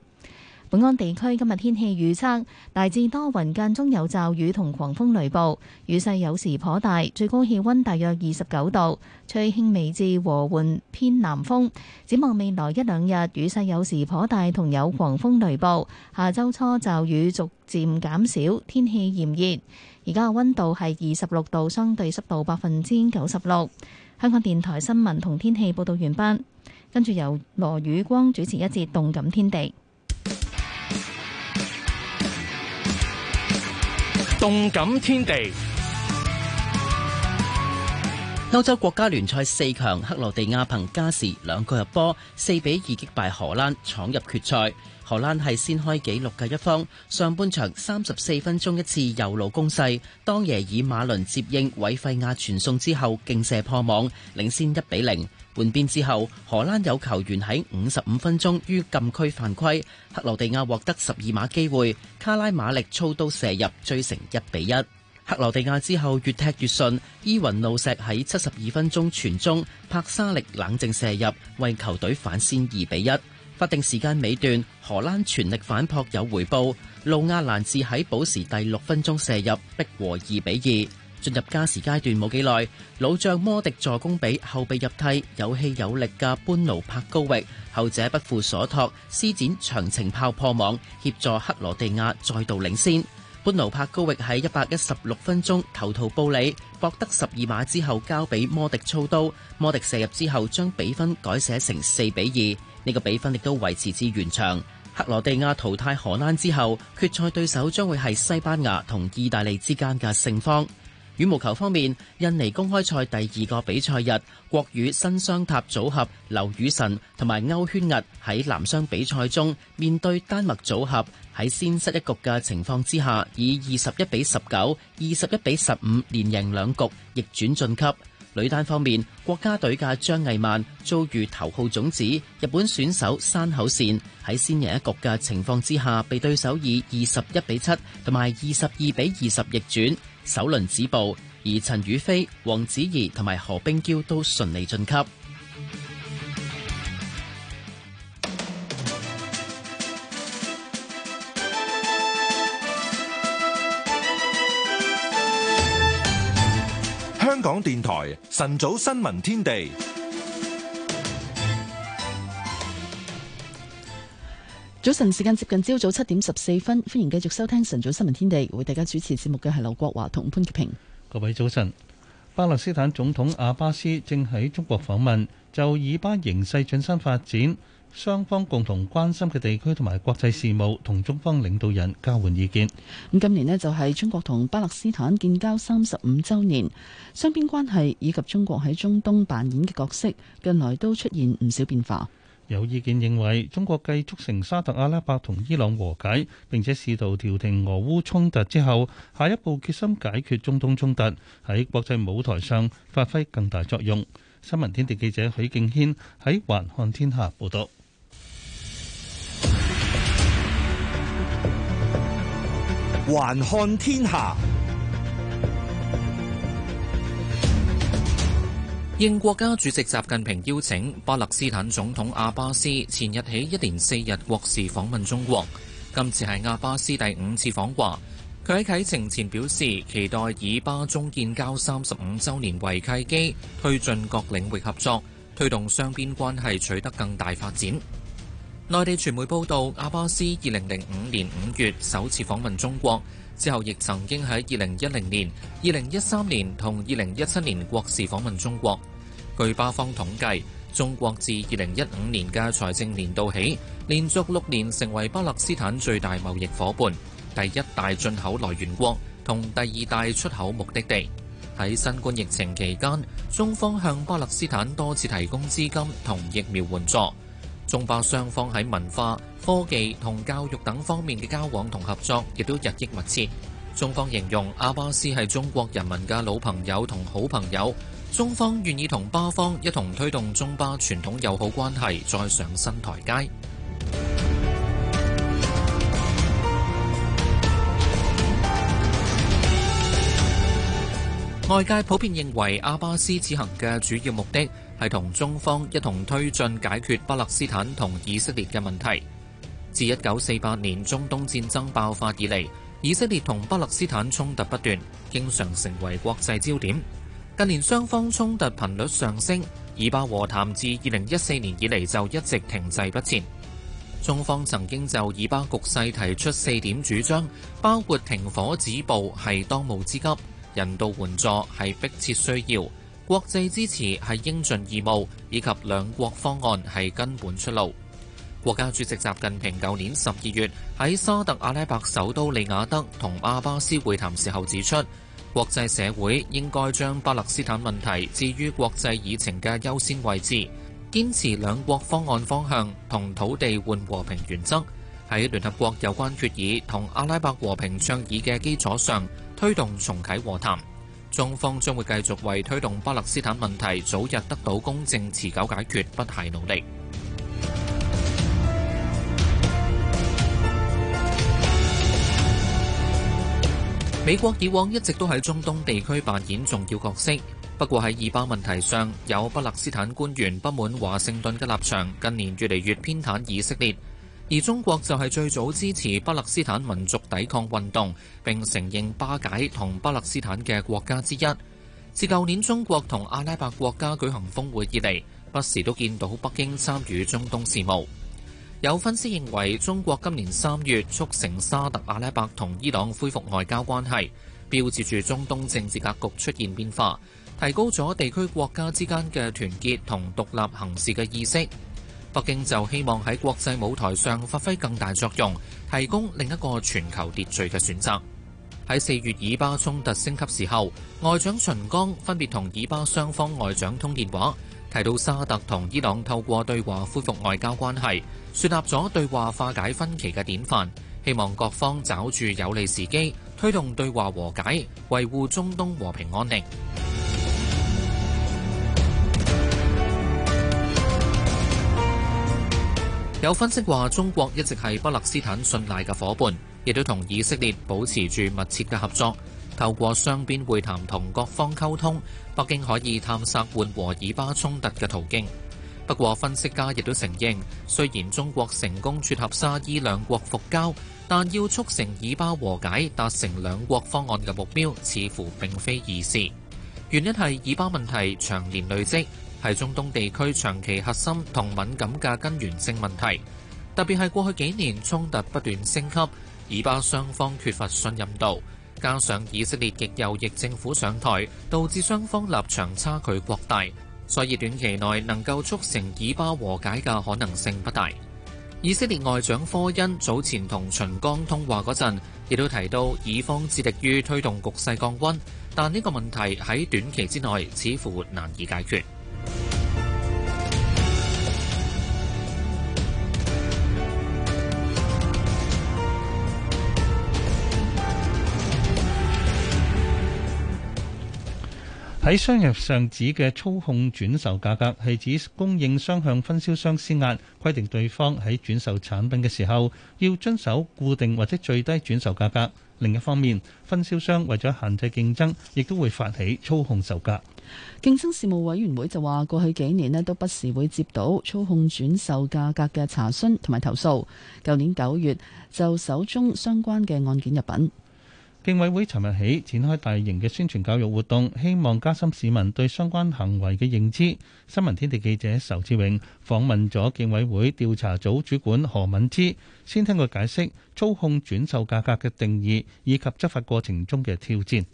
本安地區今日天氣預測大致多雲，間中有驟雨同狂風雷暴，雨勢有時頗大，最高氣溫大約二十九度，吹輕微至和緩偏南風。展望未來一兩日，雨勢有時頗大，同有狂風雷暴。下週初驟雨逐漸減少，天氣炎熱。而家嘅溫度係二十六度，相對濕度百分之九十六。香港電台新聞同天氣報道完畢，跟住由羅宇光主持一節《動感天地》。動感天地，歐洲國家聯賽四強克羅地亞憑加時兩個入波，四比二擊敗荷蘭闖入決賽。荷蘭係先開紀錄嘅一方，上半場三十四分鐘一次右路攻勢，當耶爾馬倫接應韋費亞傳送之後勁射破網，領先一比零。換邊之後，荷蘭有球員喺五十五分鐘於禁區犯規，克羅地亞獲得十二碼機會，卡拉馬力操刀射入，追成一比一。克羅地亞之後越踢越順，伊雲路石喺七十二分鐘傳中，帕沙力冷靜射入，為球隊反先二比一。法定時間尾段，荷蘭全力反撲有回報，路亞蘭治喺補時第六分鐘射入，逼和二比二。進入加時階段冇幾耐，老將摩迪助攻俾後備入替有氣有力嘅潘奴帕高域，後者不負所托，施展長程炮破網，協助克羅地亞再度領先。潘奴帕高域喺一百一十六分鐘頭逃布里博得十二碼之後交俾摩迪操刀，摩迪射入之後將比分改寫成四比二，呢個比分亦都維持至完場。克羅地亞淘汰荷蘭之後，決賽對手將會係西班牙同意大利之間嘅勝方。羽毛球方面，印尼公開賽第二個比賽日，國羽新雙塔組合劉雨辰同埋歐烜屹喺男雙比賽中面對丹麥組合，喺先失一局嘅情況之下以，以二十一比十九、二十一比十五連贏兩局，逆轉晉級。女單方面，國家隊嘅張藝曼遭遇頭號種子日本選手山口茜喺先贏一局嘅情況之下，被對手以二十一比七同埋二十二比二十逆轉。首輪止步，而陳雨菲、王祉怡同埋何冰嬌都順利晉級。香港電台晨早新聞天地。早晨時間接近朝早七點十四分，歡迎繼續收聽晨早新聞天地。為大家主持節目嘅係劉國華同潘潔平。各位早晨。巴勒斯坦總統阿巴斯正喺中國訪問，就以巴形勢最新發展，雙方共同關心嘅地區同埋國際事務，同中方領導人交換意見。咁今年呢，就係中國同巴勒斯坦建交三十五周年，雙邊關係以及中國喺中東扮演嘅角色，近來都出現唔少變化。有意見認為，中國繼促成沙特阿拉伯同伊朗和解，並且試圖調停俄烏衝突之後，下一步決心解決中東衝突，喺國際舞台上發揮更大作用。新聞天地記者許敬軒喺《環看天下》報道，《環看天下》。應國家主席習近平邀請，巴勒斯坦總統阿巴斯前日起一連四日國事訪問中國。今次係阿巴斯第五次訪華，佢喺啟程前表示，期待以巴中建交三十五周年為契機，推進各領域合作，推動雙邊關係取得更大發展。內地傳媒報道，阿巴斯二零零五年五月首次訪問中國，之後亦曾經喺二零一零年、二零一三年同二零一七年國事訪問中國。據巴方統計，中國自二零一五年嘅財政年度起，連續六年成為巴勒斯坦最大貿易夥伴、第一大進口來源國同第二大出口目的地。喺新冠疫情期間，中方向巴勒斯坦多次提供資金同疫苗援助。中巴雙方喺文化、科技同教育等方面嘅交往同合作亦都日益密切，中方形容阿巴斯係中國人民嘅老朋友同好朋友，中方願意同巴方一同推動中巴傳統友好關係再上新台階。外界普遍認為阿巴斯此行嘅主要目的，係同中方一同推進解決巴勒斯坦同以色列嘅問題。自一九四八年中東戰爭爆發以嚟，以色列同巴勒斯坦衝突不斷，經常成為國際焦點。近年雙方衝突頻率上升，以巴和談自二零一四年以嚟就一直停滯不前。中方曾經就以巴局勢提出四點主張，包括停火止暴係當務之急，人道援助係迫切需要。國際支持係應盡義務，以及兩國方案係根本出路。國家主席習近平舊年十二月喺沙特阿拉伯首都利雅德同阿巴斯會談時候，指出，國際社會應該將巴勒斯坦問題置於國際議程嘅優先位置，堅持兩國方案方向同土地換和平原則，喺聯合國有關決議同阿拉伯和平倡議嘅基礎上推動重啟和談。中方將會繼續為推動巴勒斯坦問題早日得到公正持久解決不懈努力。美國以往一直都喺中東地區扮演重要角色，不過喺以巴問題上，有巴勒斯坦官員不滿華盛頓嘅立場，近年越嚟越偏袒以色列。而中國就係最早支持巴勒斯坦民族抵抗運動，並承認巴解同巴勒斯坦嘅國家之一。自舊年中國同阿拉伯國家舉行峰會以嚟，不時都見到北京參與中東事務。有分析認為，中國今年三月促成沙特阿拉伯同伊朗恢復外交關係，標誌住中東政治格局出現變化，提高咗地區國家之間嘅團結同獨立行事嘅意識。北京就希望喺國際舞台上發揮更大作用，提供另一個全球秩序嘅選擇。喺四月以巴衝突升級時候，外長秦剛分別同以巴雙方外長通電話，提到沙特同伊朗透過對話恢復外交關係，樹立咗對話化解分歧嘅典範，希望各方抓住有利時機推動對話和解，維護中東和平安寧。有分析話，中國一直係巴勒斯坦信賴嘅伙伴，亦都同以色列保持住密切嘅合作。透過雙邊會談同各方溝通，北京可以探索緩和以巴衝突嘅途徑。不過，分析家亦都承認，雖然中國成功撮合沙伊兩國復交，但要促成以巴和解、達成兩國方案嘅目標，似乎並非易事。原因係以巴問題長年累積。是中東地區長期核心和民感的根源性問題，特別是過去幾年衝突不斷升級，以巴雙方缺乏信任道，加上以色列億佑億政府上台導致雙方立場插絕國大，所以短期內能夠促成以巴和解的可能性不大。以色列外長科恩早前同群剛通話那陣亦都提到以方致力於推動國際冠軍，但這個問題在短期之內似乎難以解決。喺商業上指嘅操控轉售價格，係指供應商向分銷商施壓，規定對方喺轉售產品嘅時候要遵守固定或者最低轉售價格。另一方面，分銷商為咗限制競爭，亦都會發起操控售價。競爭事務委員會就話：過去幾年咧都不時會接到操控轉售價格嘅查詢同埋投訴。舊年九月就首宗相關嘅案件入稟。競委會尋日起展開大型嘅宣傳教育活動，希望加深市民對相關行為嘅認知。新聞天地記者仇志永訪問咗競委會調查組主管何敏芝，先聽佢解釋操控轉售價格嘅定義以及執法過程中嘅挑戰。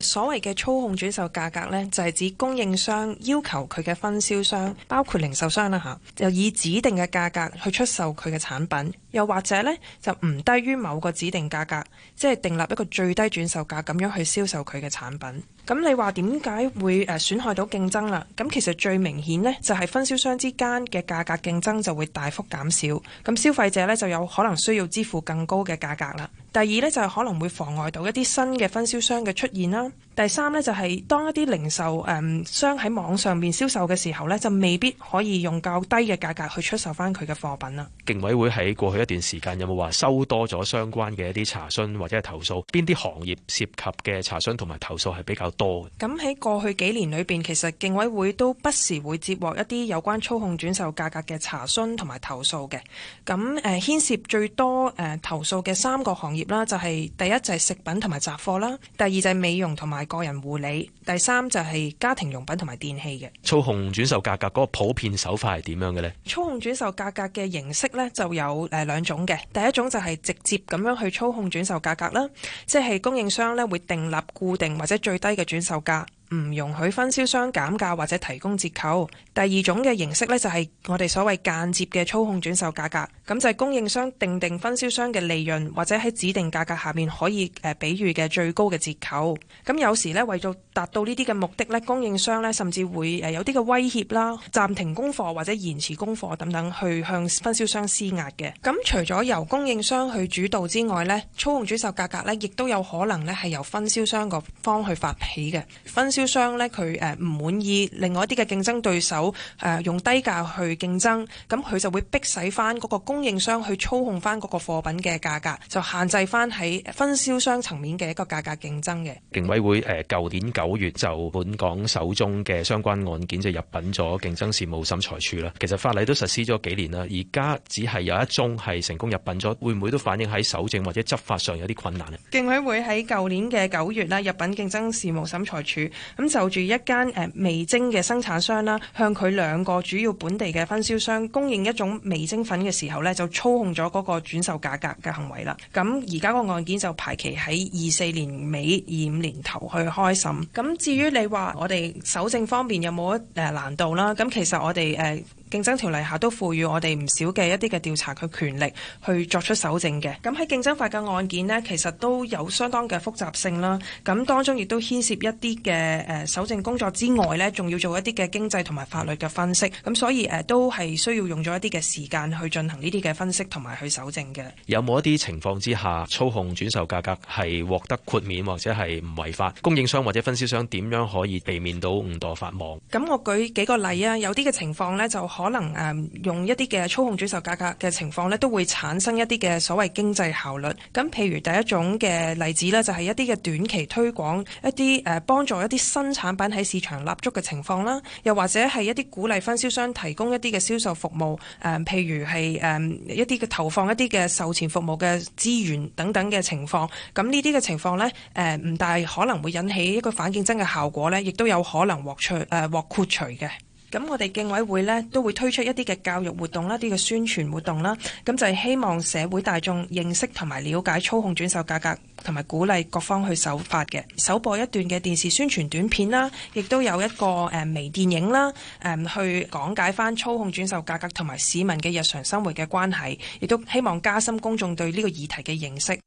所謂嘅操控轉售價格呢，就係指供應商要求佢嘅分銷商，包括零售商啦吓，就以指定嘅價格去出售佢嘅產品，又或者呢，就唔低於某個指定價格，即係訂立一個最低轉售價咁樣去銷售佢嘅產品。咁你話點解會誒損害到競爭啦？咁其實最明顯呢，就係分銷商之間嘅價格競爭就會大幅減少，咁消費者呢，就有可能需要支付更高嘅價格啦。第二咧，就係可能會妨礙到一啲新嘅分銷商嘅出現啦。第三咧就係、是、當一啲零售誒商喺網上面銷售嘅時候咧，就未必可以用較低嘅價格去出售翻佢嘅貨品啦。競委會喺過去一段時間有冇話收多咗相關嘅一啲查詢或者係投訴？邊啲行業涉及嘅查詢同埋投訴係比較多？咁喺過去幾年裏邊，其實競委會都不時會接獲一啲有關操控轉售價格嘅查詢同埋投訴嘅。咁誒、呃、牽涉最多誒、呃、投訴嘅三個行業啦，就係、是、第一就係、是、食品同埋雜貨啦，第二就係、是、美容同埋個人護理，第三就係家庭用品同埋電器嘅。操控轉售價格嗰個普遍手法係點樣嘅呢？操控轉售價格嘅形式呢，就有誒兩種嘅，第一種就係直接咁樣去操控轉售價格啦，即係供應商呢會訂立固定或者最低嘅轉售價。唔容許分銷商減價或者提供折扣。第二種嘅形式呢，就係我哋所謂間接嘅操控轉售價格。咁就係供應商定定分銷商嘅利潤，或者喺指定價格下面可以誒比喻嘅最高嘅折扣。咁有時呢，為咗達到呢啲嘅目的呢，供應商呢，甚至會誒有啲嘅威脅啦，暫停供貨或者延遲供貨等等，去向分銷商施壓嘅。咁除咗由供應商去主導之外呢，操控轉售價格呢，亦都有可能呢，係由分銷商個方去發起嘅分銷。銷商呢，佢誒唔滿意，另外一啲嘅競爭對手誒用低價去競爭，咁佢就會逼使翻嗰個供應商去操控翻嗰個貨品嘅價格，就限制翻喺分銷商層面嘅一個價格競爭嘅。競委會誒，舊年九月就本港首宗嘅相關案件就入禀咗競爭事務審裁處啦。其實法例都實施咗幾年啦，而家只係有一宗係成功入禀咗，會唔會都反映喺搜證或者執法上有啲困難咧？競委會喺舊年嘅九月咧入禀競爭事務審裁處。咁就住一間誒味精嘅生產商啦，向佢兩個主要本地嘅分銷商供應一種味精粉嘅時候呢，就操控咗嗰個轉售價格嘅行為啦。咁而家個案件就排期喺二四年尾、二五年頭去開審。咁至於你話我哋搜證方面有冇一誒難度啦？咁其實我哋誒。呃競爭條例下都賦予我哋唔少嘅一啲嘅調查佢權力，去作出搜證嘅。咁喺競爭法嘅案件呢，其實都有相當嘅複雜性啦。咁當中亦都牽涉一啲嘅誒搜證工作之外呢，仲要做一啲嘅經濟同埋法律嘅分析。咁所以誒，都係需要用咗一啲嘅時間去進行呢啲嘅分析同埋去搜證嘅。有冇一啲情況之下操控轉售價格係獲得豁免或者係唔違法？供應商或者分銷商點樣可以避免到唔墮法網？咁我舉幾個例啊，有啲嘅情況呢，就。可能誒、嗯、用一啲嘅操控主售價格嘅情況咧，都會產生一啲嘅所謂經濟效率。咁譬如第一種嘅例子咧，就係、是、一啲嘅短期推廣，一啲誒幫助一啲新產品喺市場立足嘅情況啦。又或者係一啲鼓勵分銷商提供一啲嘅銷售服務誒、呃、譬如係誒、呃、一啲嘅投放一啲嘅售前服務嘅資源等等嘅情況，咁呢啲嘅情況咧，誒、呃、唔大可能會引起一個反競爭嘅效果咧，亦都有可能獲取誒獲豁除嘅。咁我哋競委會呢都會推出一啲嘅教育活動啦，一啲嘅宣傳活動啦，咁就係希望社會大眾認識同埋了解操控轉售價格，同埋鼓勵各方去守法嘅。首播一段嘅電視宣傳短片啦，亦都有一個、嗯、微電影啦、嗯，去講解翻操控轉售價格同埋市民嘅日常生活嘅關係，亦都希望加深公眾對呢個議題嘅認識。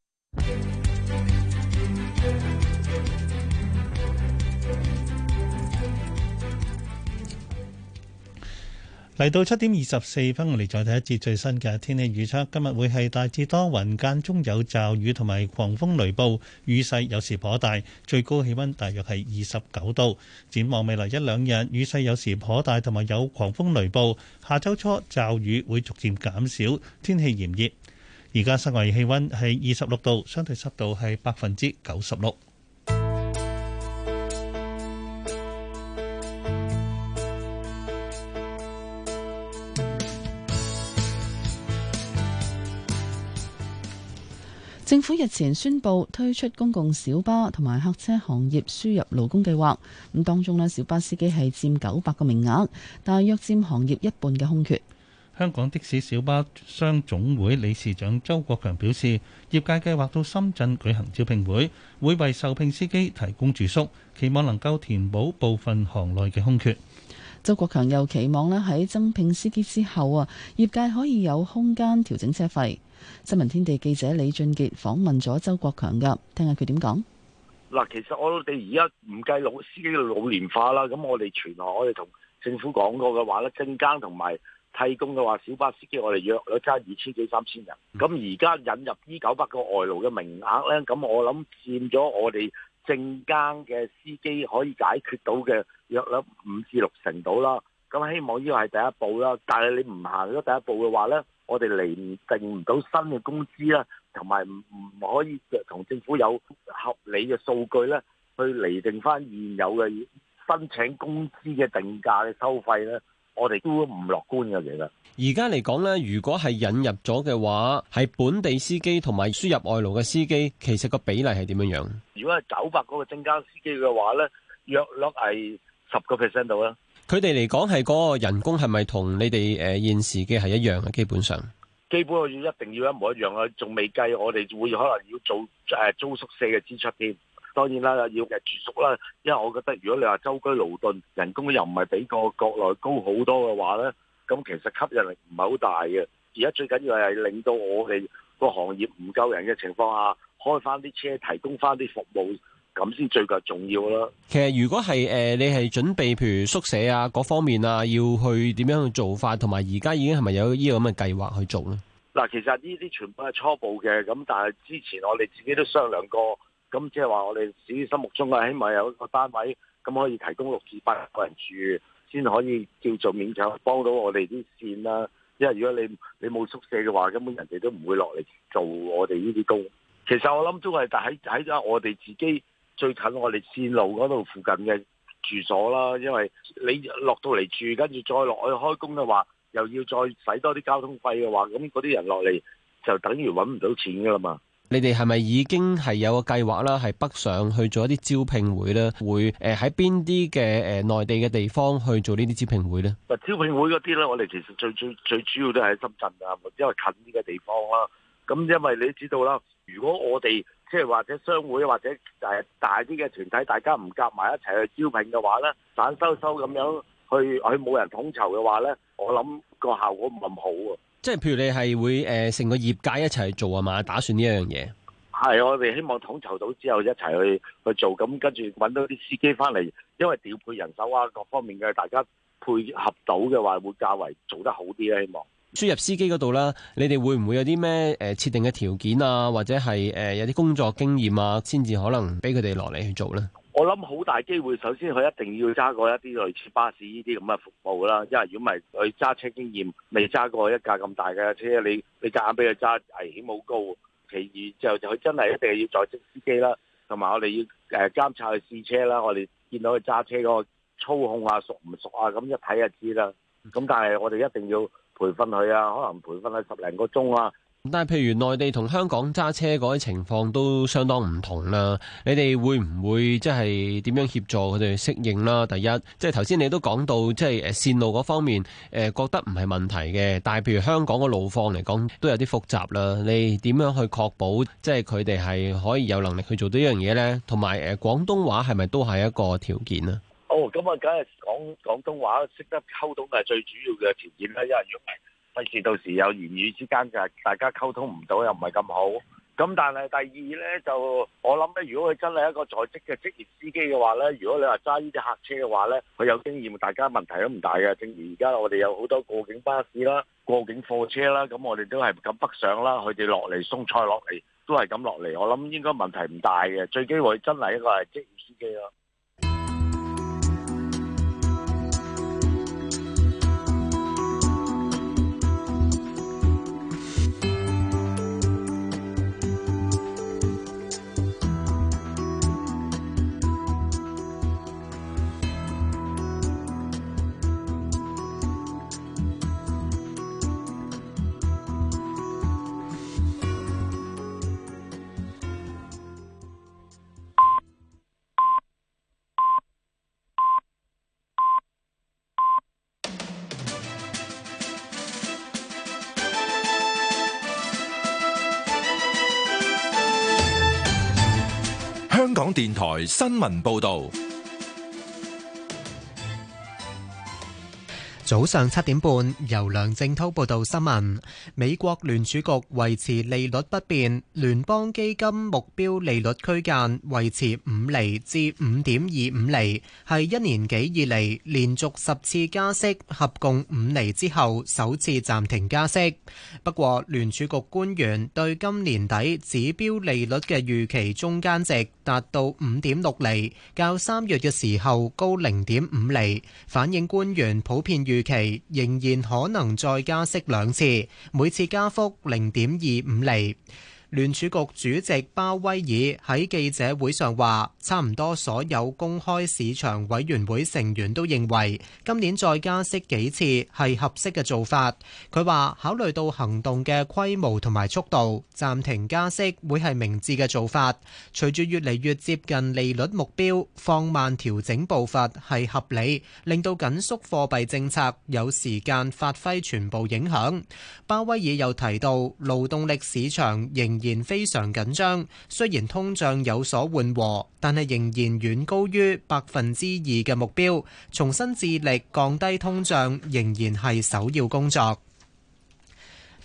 嚟到七點二十四分，我哋再睇一節最新嘅天氣預測。今日會係大致多雲，間中有驟雨同埋狂風雷暴，雨勢有時頗大，最高氣温大約係二十九度。展望未來一兩日，雨勢有時頗大，同埋有狂風雷暴。下週初驟雨會逐漸減，減少，天氣炎熱。而家室外氣温係二十六度，相對濕度係百分之九十六。政府日前宣佈推出公共小巴同埋客車行業輸入勞工計劃，咁當中呢，小巴司機係佔九百個名額，大約佔行業一半嘅空缺。香港的士小巴商總會理事長周國強表示，業界計劃到深圳舉行招聘會，會為受聘司機提供住宿，期望能夠填補部分行內嘅空缺。周國強又期望呢喺，增聘司機之後啊，業界可以有空間調整車費。新聞天地記者李俊杰訪問咗周國強噶，聽下佢點講。嗱，其實我哋而家唔計老司機嘅老年化啦，咁我哋全行，我哋同政府講過嘅話咧，正間同埋替工嘅話，小巴司機我哋約咗差二千幾三千人。咁而家引入呢九百個外勞嘅名額咧，咁我諗佔咗我哋正間嘅司機可以解決到嘅約有五至六成到啦。咁希望呢個係第一步啦，但係你唔行咗第一步嘅話咧我哋嚟定唔到新嘅工資啦，同埋唔可以同政府有合理嘅數據咧，去厘定翻現有嘅申請工資嘅定價嘅收費咧，我哋都唔樂觀嘅。其實而家嚟講咧，如果係引入咗嘅話，係本地司機同埋輸入外勞嘅司機，其實個比例係點樣樣？如果係九百嗰個增加司機嘅話咧，約率係十個 percent 度啦。佢哋嚟講係嗰個人工係咪同你哋誒、呃、現時嘅係一樣啊？基本上，基本要一定要一模一樣啊！仲未計我哋會可能要做誒、呃、租宿舍嘅支出添。當然啦，要誒住宿啦，因為我覺得如果你話舟車勞頓，人工又唔係比個國內高好多嘅話咧，咁其實吸引力唔係好大嘅。而家最緊要係令到我哋個行業唔夠人嘅情況下，開翻啲車提供翻啲服務。咁先最緊重要啦。其實如果係誒、呃，你係準備譬如宿舍啊嗰方面啊，要去點樣去做法，同埋而家已經係咪有呢個咁嘅計劃去做咧？嗱，其實呢啲全部係初步嘅，咁但係之前我哋自己都商量過，咁即係話我哋自己心目中啊，起碼有一個單位，咁可以提供六至八個人住，先可以叫做勉強幫到我哋啲綫啦、啊。因為如果你你冇宿舍嘅話，根本人哋都唔會落嚟做我哋呢啲工。其實我諗都係，但係喺喺我哋自己。最近我哋線路嗰度附近嘅住所啦，因為你落到嚟住，跟住再落去開工嘅話，又要再使多啲交通費嘅話，咁嗰啲人落嚟就等於揾唔到錢噶啦嘛。你哋係咪已經係有個計劃啦？係北上去做一啲招聘會咧，會誒喺邊啲嘅誒內地嘅地方去做呢啲招聘會呢？嗱，招聘會嗰啲呢，我哋其實最最最最主要都係喺深圳啊，因為近啲嘅地方啦。咁因為你知道啦，如果我哋即係或者商會或者誒大啲嘅團體，大家唔夾埋一齊去招聘嘅話咧，散修修咁樣去，去冇人統籌嘅話咧，我諗個效果唔咁好啊！即係譬如你係會誒成、呃、個業界一齊做啊嘛，打算呢一樣嘢？係我哋希望統籌到之後一齊去去做，咁跟住揾到啲司機翻嚟，因為調配人手啊各方面嘅，大家配合到嘅話，會較為做得好啲咧，希望。輸入司機嗰度啦，你哋會唔會有啲咩誒設定嘅條件啊，或者係誒、呃、有啲工作經驗啊，先至可能俾佢哋落嚟去做咧？我諗好大機會，首先佢一定要揸過一啲類似巴士呢啲咁嘅服務啦。因為如果唔係佢揸車經驗，未揸過一架咁大嘅車，你你夾硬俾佢揸，危險好高。其二就就佢真係一定係要在職司機啦，同埋我哋要誒監察佢試車啦。我哋見到佢揸車嗰個操控啊，熟唔熟啊，咁一睇就知啦。咁但係我哋一定要。培訓佢啊，可能培訓佢十零個鐘啊。但係譬如內地同香港揸車嗰啲情況都相當唔同啦。你哋會唔會即係點樣協助佢哋適應啦？第一，即係頭先你都講到，即係誒線路嗰方面誒、呃，覺得唔係問題嘅。但係譬如香港嘅路況嚟講，都有啲複雜啦。你點樣去確保即係佢哋係可以有能力去做到呢樣嘢咧？同埋誒，廣東話係咪都係一個條件啊？哦，咁啊，梗係講廣東話，識得溝通係最主要嘅條件啦。因為如果唔係，費事到時有言語之間就係大家溝通唔到，又唔係咁好。咁但係第二咧，就我諗咧，如果佢真係一個在職嘅職業司機嘅話咧，如果你話揸呢啲客車嘅話咧，佢有經驗，大家問題都唔大嘅。正如而家我哋有好多過境巴士啦、過境貨車啦，咁我哋都係咁北上啦，佢哋落嚟送菜落嚟都係咁落嚟，我諗應該問題唔大嘅。最機會真係一個係職業司機咯。電台新聞報道。早上七點半，由梁正濤報道新聞。美國聯儲局維持利率不變，聯邦基金目標利率區間維持五厘至五點二五厘，係一年幾以嚟連續十次加息合共五厘之後，首次暫停加息。不過，聯儲局官員對今年底指標利率嘅預期中間值達到五點六厘，較三月嘅時候高零點五厘，反映官員普遍預。預期仍然可能再加息兩次，每次加幅零點二五厘。聯儲局主席鮑威爾喺記者會上話，差唔多所有公開市場委員會成員都認為今年再加息幾次係合適嘅做法。佢話考慮到行動嘅規模同埋速度，暫停加息會係明智嘅做法。隨住越嚟越接近利率目標，放慢調整步伐係合理，令到緊縮貨幣政策有時間發揮全部影響。鮑威爾又提到勞動力市場仍然非常緊張，雖然通脹有所緩和，但係仍然遠高於百分之二嘅目標，重新致力降低通脹仍然係首要工作。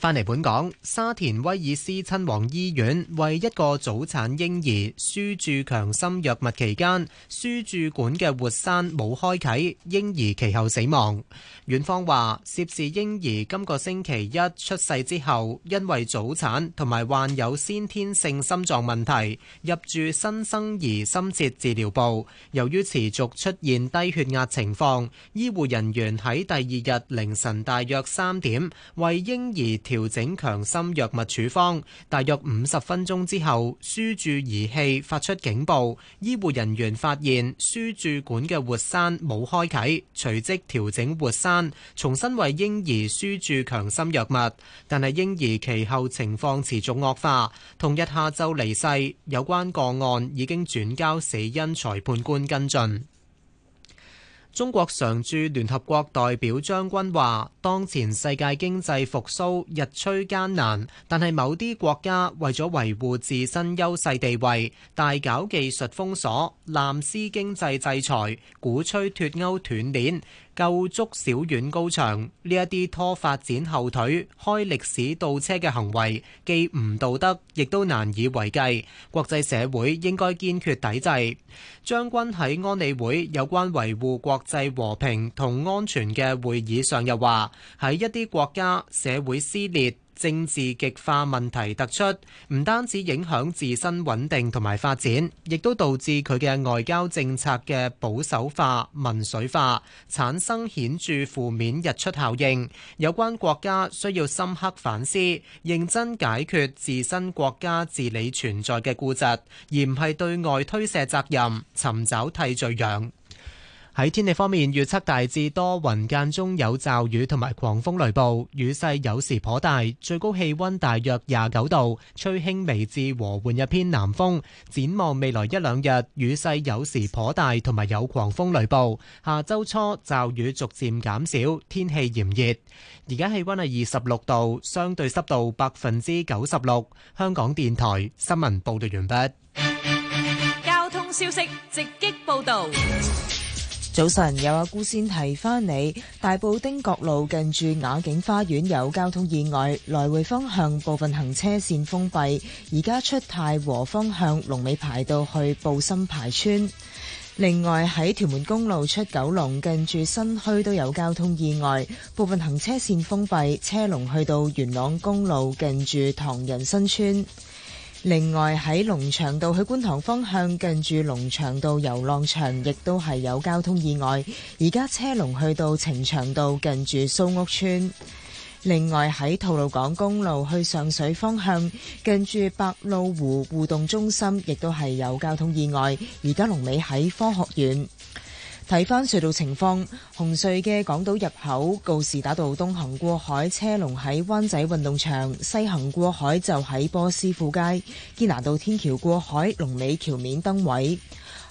返嚟本港，沙田威爾斯親王醫院為一個早產嬰兒輸注強心藥物期間，輸注管嘅活塞冇開啟，嬰兒其後死亡。院方話涉事嬰兒今個星期一出世之後，因為早產同埋患有先天性心臟問題，入住新生兒深切治療部。由於持續出現低血壓情況，醫護人員喺第二日凌晨大約三點為嬰兒。調整強心藥物處方，大約五十分鐘之後，輸注儀器發出警報，醫護人員發現輸注管嘅活塞冇開啟，隨即調整活塞，重新為嬰兒輸注強心藥物。但係嬰兒其後情況持續惡化，同日下晝離世。有關個案已經轉交死因裁判官跟進。中國常駐聯合國代表張軍話，當前世界經濟復蘇日趨艱難，但係某啲國家為咗維護自身優勢地位，大搞技術封鎖、濫施經濟制裁、鼓吹脫歐斷鏈。救足小院高牆呢一啲拖發展後腿、開歷史倒車嘅行為，既唔道德，亦都難以為繼。國際社會應該堅決抵制。張軍喺安理會有關維護國際和平同安全嘅會議上又話，喺一啲國家社會撕裂。政治極化問題突出，唔單止影響自身穩定同埋發展，亦都導致佢嘅外交政策嘅保守化、民粹化，產生顯著負面日出效應。有關國家需要深刻反思，認真解決自身國家治理存在嘅固疾，而唔係對外推卸責任、尋找替罪羊。喺天氣方面，預測大致多雲間中有驟雨同埋狂風雷暴，雨勢有時頗大，最高氣溫大約廿九度，吹輕微至和緩一偏南風。展望未來一兩日，雨勢有時頗大，同埋有狂風雷暴。下周初驟雨逐漸減少，天氣炎熱。而家氣溫係二十六度，相對濕度百分之九十六。香港電台新聞報道完畢。交通消息直擊報道。早晨，有阿姑先提翻你，大埔汀角路近住雅景花園有交通意外，來回方向部分行車線封閉，而家出太和方向龍尾排到去布心排村。另外喺屯門公路出九龍近住新墟都有交通意外，部分行車線封閉，車龍去到元朗公路近住唐人新村。另外喺龍翔道去觀塘方向，近住龍翔道遊樂場，亦都係有交通意外。而家車龍去到呈祥道，近住蘇屋村。另外喺吐露港公路去上水方向，近住白鷺湖互動中心，亦都係有交通意外。而家龍尾喺科學院。睇返隧道情況，紅隧嘅港島入口告士打道東行過海車龍喺灣仔運動場，西行過海就喺波斯富街堅拿道天橋，過海龍尾橋面燈位。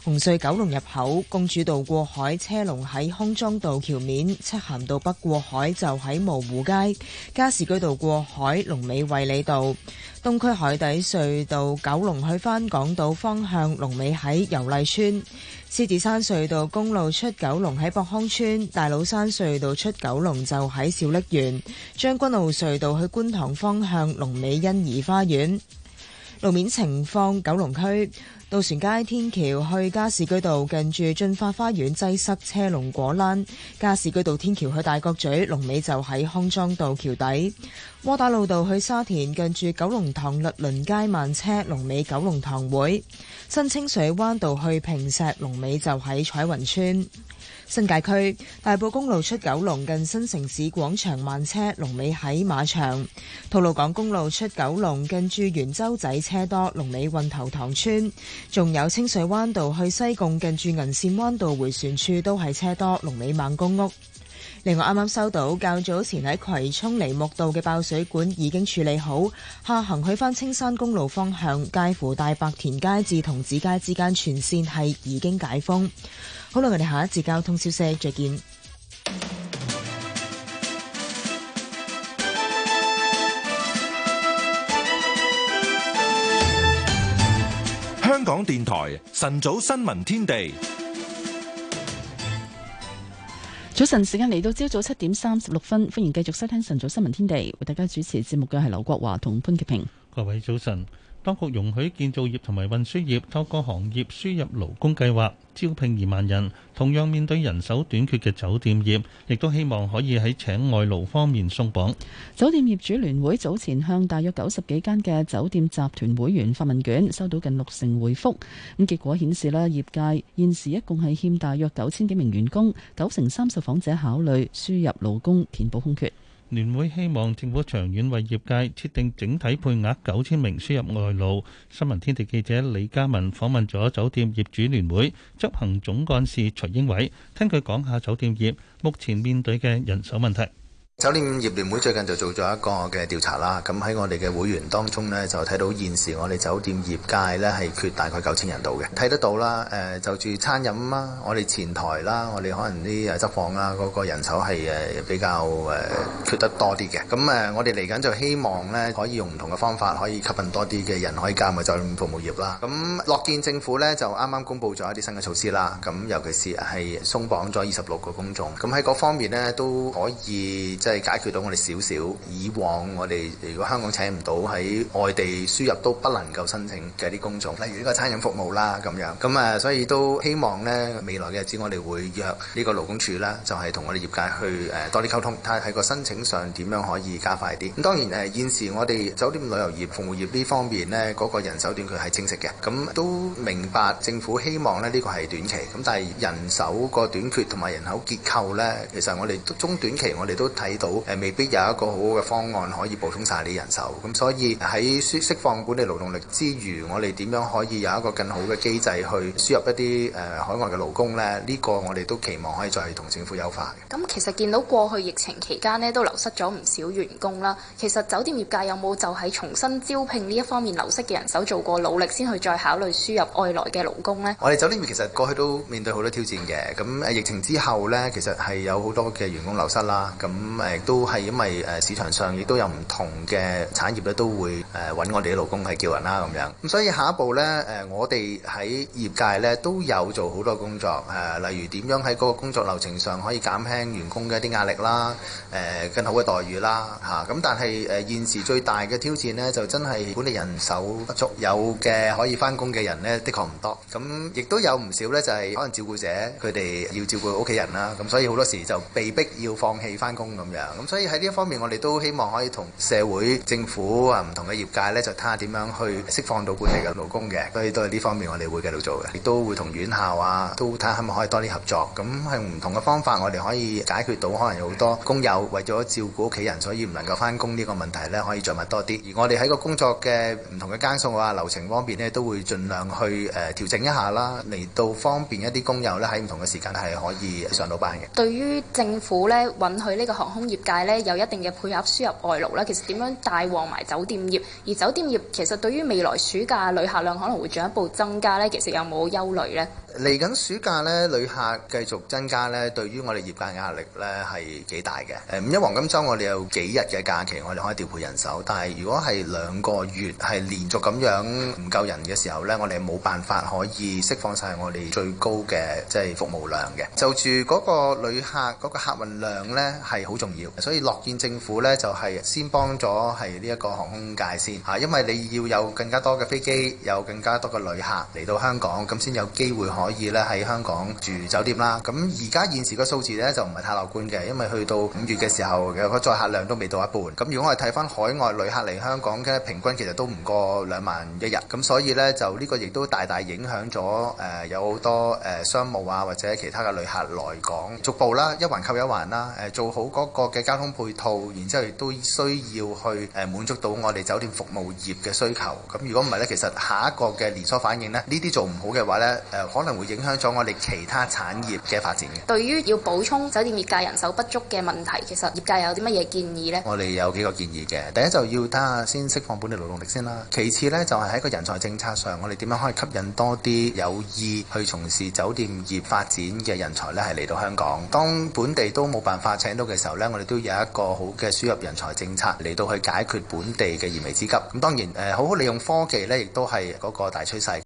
紅隧九龍入口公主道過海車龍喺康莊道橋面，漆咸道北過海就喺蕪湖街，加士居道過海龍尾衛理道，東區海底隧道九龍去翻港島方向龍尾喺油麗邨，獅子山隧道公路出九龍喺博康村，大老山隧道出九龍就喺小瀝源，將軍澳隧道去觀塘方向龍尾欣怡花園，路面情況九龍區。渡船街天橋去加士居道，近住駿發花園擠塞車龍果欄；加士居道天橋去大角咀，龍尾就喺康莊道橋底；窩打老道去沙田，近住九龍塘律倫街慢車龍尾九龍塘會；新清水灣道去坪石，龍尾就喺彩雲村。新界區大埔公路出九龍近新城市廣場慢車，龍尾喺馬場；吐露港公路出九龍近住圓洲仔車多，龍尾運頭塘村。仲有清水灣道去西貢近住銀線灣道回旋處都係車多，龍尾孟公屋。另外，啱啱收到較早前喺葵涌梨木道嘅爆水管已經處理好，下行去返青山公路方向，介乎大白田街至同子街之間全線係已經解封。好啦，我哋下一次交通消息再見。香港電台晨早新聞天地，早晨時間嚟到朝早七點三十六分，歡迎繼續收聽晨早新聞天地，為大家主持節目嘅係劉國華同潘潔平。各位早晨。包括容許建造業同埋運輸業透過行業輸入勞工計劃招聘二萬人，同樣面對人手短缺嘅酒店業，亦都希望可以喺請外勞方面鬆綁。酒店業主聯會早前向大約九十幾間嘅酒店集團會員發問卷，收到近六成回覆。咁結果顯示咧，業界現時一共係欠大約九千幾名員工，九成三受訪者考慮輸入勞工填補空缺。聯會希望政府長遠為業界設定整體配額九千名輸入外勞。新聞天地記者李嘉文訪問咗酒店業主聯會執行總幹事徐英偉，聽佢講下酒店業目前面對嘅人手問題。酒店業聯會最近就做咗一個嘅調查啦，咁喺我哋嘅會員當中呢，就睇到現時我哋酒店業界呢係缺大概九千人度嘅，睇得到啦。誒、呃，就住餐飲啦，我哋前台啦，我哋可能啲誒執房啦，嗰、那個人手係誒比較誒、呃、缺得多啲嘅。咁誒，我哋嚟緊就希望呢可以用唔同嘅方法，可以吸引多啲嘅人可以加入酒店服務業啦。咁樂見政府呢，就啱啱公布咗一啲新嘅措施啦，咁尤其是係鬆綁咗二十六個工種，咁喺嗰方面呢都可以。即係解決到我哋少少以往我哋如果香港請唔到喺外地輸入都不能夠申請嘅啲工種，例如呢個餐飲服務啦咁樣。咁、嗯、啊，所以都希望呢未來嘅日子我哋會約呢個勞工處啦，就係、是、同我哋業界去誒、呃、多啲溝通，睇下喺個申請上點樣可以加快啲。咁、嗯、當然誒、呃、現時我哋酒店旅遊業服務業呢方面呢，嗰、那個人手短缺係清晰嘅，咁、嗯、都明白政府希望呢呢、這個係短期。咁但係人手個短缺同埋人口結構呢，其實我哋中短期我哋都睇。到誒未必有一個好好嘅方案可以補充晒你人手，咁所以喺釋釋放本地勞動力之餘，我哋點樣可以有一個更好嘅機制去輸入一啲誒、呃、海外嘅勞工咧？呢、這個我哋都期望可以再同政府優化。咁其實見到過去疫情期間呢，都流失咗唔少員工啦。其實酒店業界有冇就喺重新招聘呢一方面流失嘅人手做過努力，先去再考慮輸入外來嘅勞工呢？我哋酒店業其實過去都面對好多挑戰嘅，咁誒疫情之後呢，其實係有好多嘅員工流失啦，咁。誒都係因為誒市場上亦都有唔同嘅產業咧，都會誒揾我哋啲勞工去叫人啦、啊、咁樣，咁所以下一步咧，誒我哋喺業界咧都有做好多工作誒、啊、例如點樣喺嗰個工作流程上可以減輕員工嘅一啲壓力啦，誒、啊、更好嘅待遇啦。吓咁但係誒現時最大嘅挑戰咧，就真係管理人手不足，有嘅可以翻工嘅人咧，的確唔多。咁、啊、亦都有唔少咧，就係、是、可能照顧者佢哋要照顧屋企人啦，咁、啊、所以好多時就被逼要放棄翻工咁。咁樣，咁所以喺呢一方面，我哋都希望可以同社會、政府啊、唔同嘅業界咧，就睇下點樣去釋放到本地嘅勞工嘅。所以都係呢方面，我哋會繼續做嘅，亦都會同院校啊，都睇下可唔可以多啲合作。咁係唔同嘅方法，我哋可以解決到可能有好多工友為咗照顧屋企人，所以唔能夠翻工呢個問題咧，可以再問多啲。而我哋喺個工作嘅唔同嘅更數啊、流程方面咧，都會盡量去誒調整一下啦，嚟到方便一啲工友咧喺唔同嘅時間係可以上到班嘅。對於政府咧，允許呢個行。工業界呢，有一定嘅配額輸入外勞啦，其實點樣帶旺埋酒店業？而酒店業其實對於未來暑假旅客量可能會進一步增加呢？其實有冇憂慮呢？嚟緊暑假咧，旅客繼續增加咧，對於我哋業界壓力咧係幾大嘅。誒，五一黃金週我哋有幾日嘅假期，我哋可以調配人手。但係如果係兩個月係連續咁樣唔夠人嘅時候咧，我哋冇辦法可以釋放晒我哋最高嘅即係服務量嘅。就住嗰個旅客嗰個客運量咧，係好重要，所以樂見政府咧就係先幫咗係呢一個航空界先嚇，因為你要有更加多嘅飛機，有更加多嘅旅客嚟到香港，咁先有機會可。可以咧喺香港住酒店啦，咁而家現時個數字咧就唔係太樂觀嘅，因為去到五月嘅時候嘅個載客量都未到一半。咁如果我哋睇翻海外旅客嚟香港嘅平均其實都唔過兩萬一日。咁所以咧就呢個亦都大大影響咗誒有好多誒，商務啊，或者其他嘅旅客來港，逐步啦，一環扣一環啦，誒，做好嗰個嘅交通配套，然之後亦都需要去誒，滿足到我哋酒店服務業嘅需求。咁如果唔係咧，其實下一個嘅連鎖反應咧，呢啲做唔好嘅話咧，誒可。可能會影響咗我哋其他產業嘅發展嘅。對於要補充酒店業界人手不足嘅問題，其實業界有啲乜嘢建議呢？我哋有幾個建議嘅。第一就要睇下先釋放本地勞動力先啦。其次呢，就係、是、喺個人才政策上，我哋點樣可以吸引多啲有意去從事酒店業發展嘅人才呢？係嚟到香港。當本地都冇辦法請到嘅時候呢，我哋都有一個好嘅輸入人才政策嚟到去解決本地嘅燃眉之急。咁當然誒、呃，好好利用科技呢，亦都係嗰個大趨勢。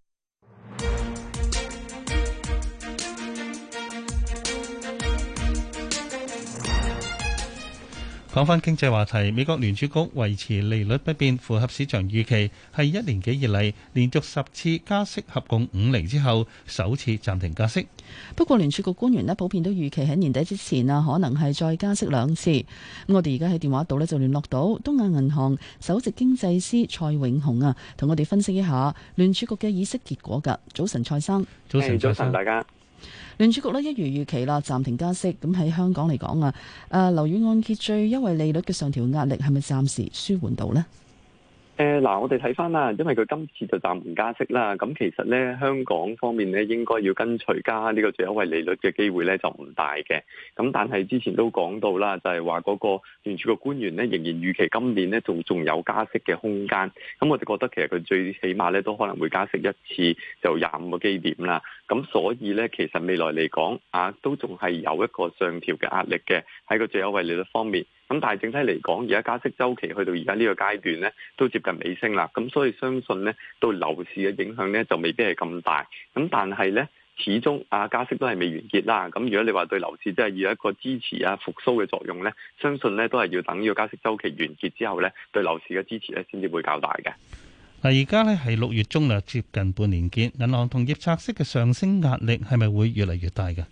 講返經濟話題，美國聯儲局維持利率不變，符合市場預期，係一年幾以嚟連續十次加息合共五厘之後，首次暫停加息。不過聯儲局官員咧普遍都預期喺年底之前啊，可能係再加息兩次。我哋而家喺電話度咧就聯絡到東亞銀行首席經濟師蔡永雄啊，同我哋分析一下聯儲局嘅議息結果噶。早晨，蔡生。早晨，早晨，大家。聯儲局呢一如預期啦，暫停加息。咁喺香港嚟講啊，誒，樓宇按揭最優惠利率嘅上調壓力係咪暫時舒緩到呢？誒嗱、呃，我哋睇翻啦，因為佢今次就暫唔加息啦，咁、嗯、其實咧香港方面咧應該要跟隨加呢個最優惠利率嘅機會咧就唔大嘅，咁但係之前都講到啦，就係話嗰個原處個官員咧仍然預期今年咧仲仲有加息嘅空間，咁、嗯、我哋覺得其實佢最起碼咧都可能會加息一次就廿五個基點啦，咁、嗯、所以咧其實未來嚟講啊，都仲係有一個上調嘅壓力嘅喺個最優惠利率方面。咁但係整體嚟講，而家加息周期去到而家呢個階段呢，都接近尾聲啦。咁所以相信呢，對樓市嘅影響呢，就未必係咁大。咁但係呢，始終啊加息都係未完結啦。咁如果你話對樓市真係要一個支持啊復甦嘅作用呢，相信呢都係要等呢個加息周期完結之後呢，對樓市嘅支持呢先至會較大嘅。嗱，而家呢係六月中啦，接近半年結，銀行同業拆息嘅上升壓力係咪會越嚟越大㗎？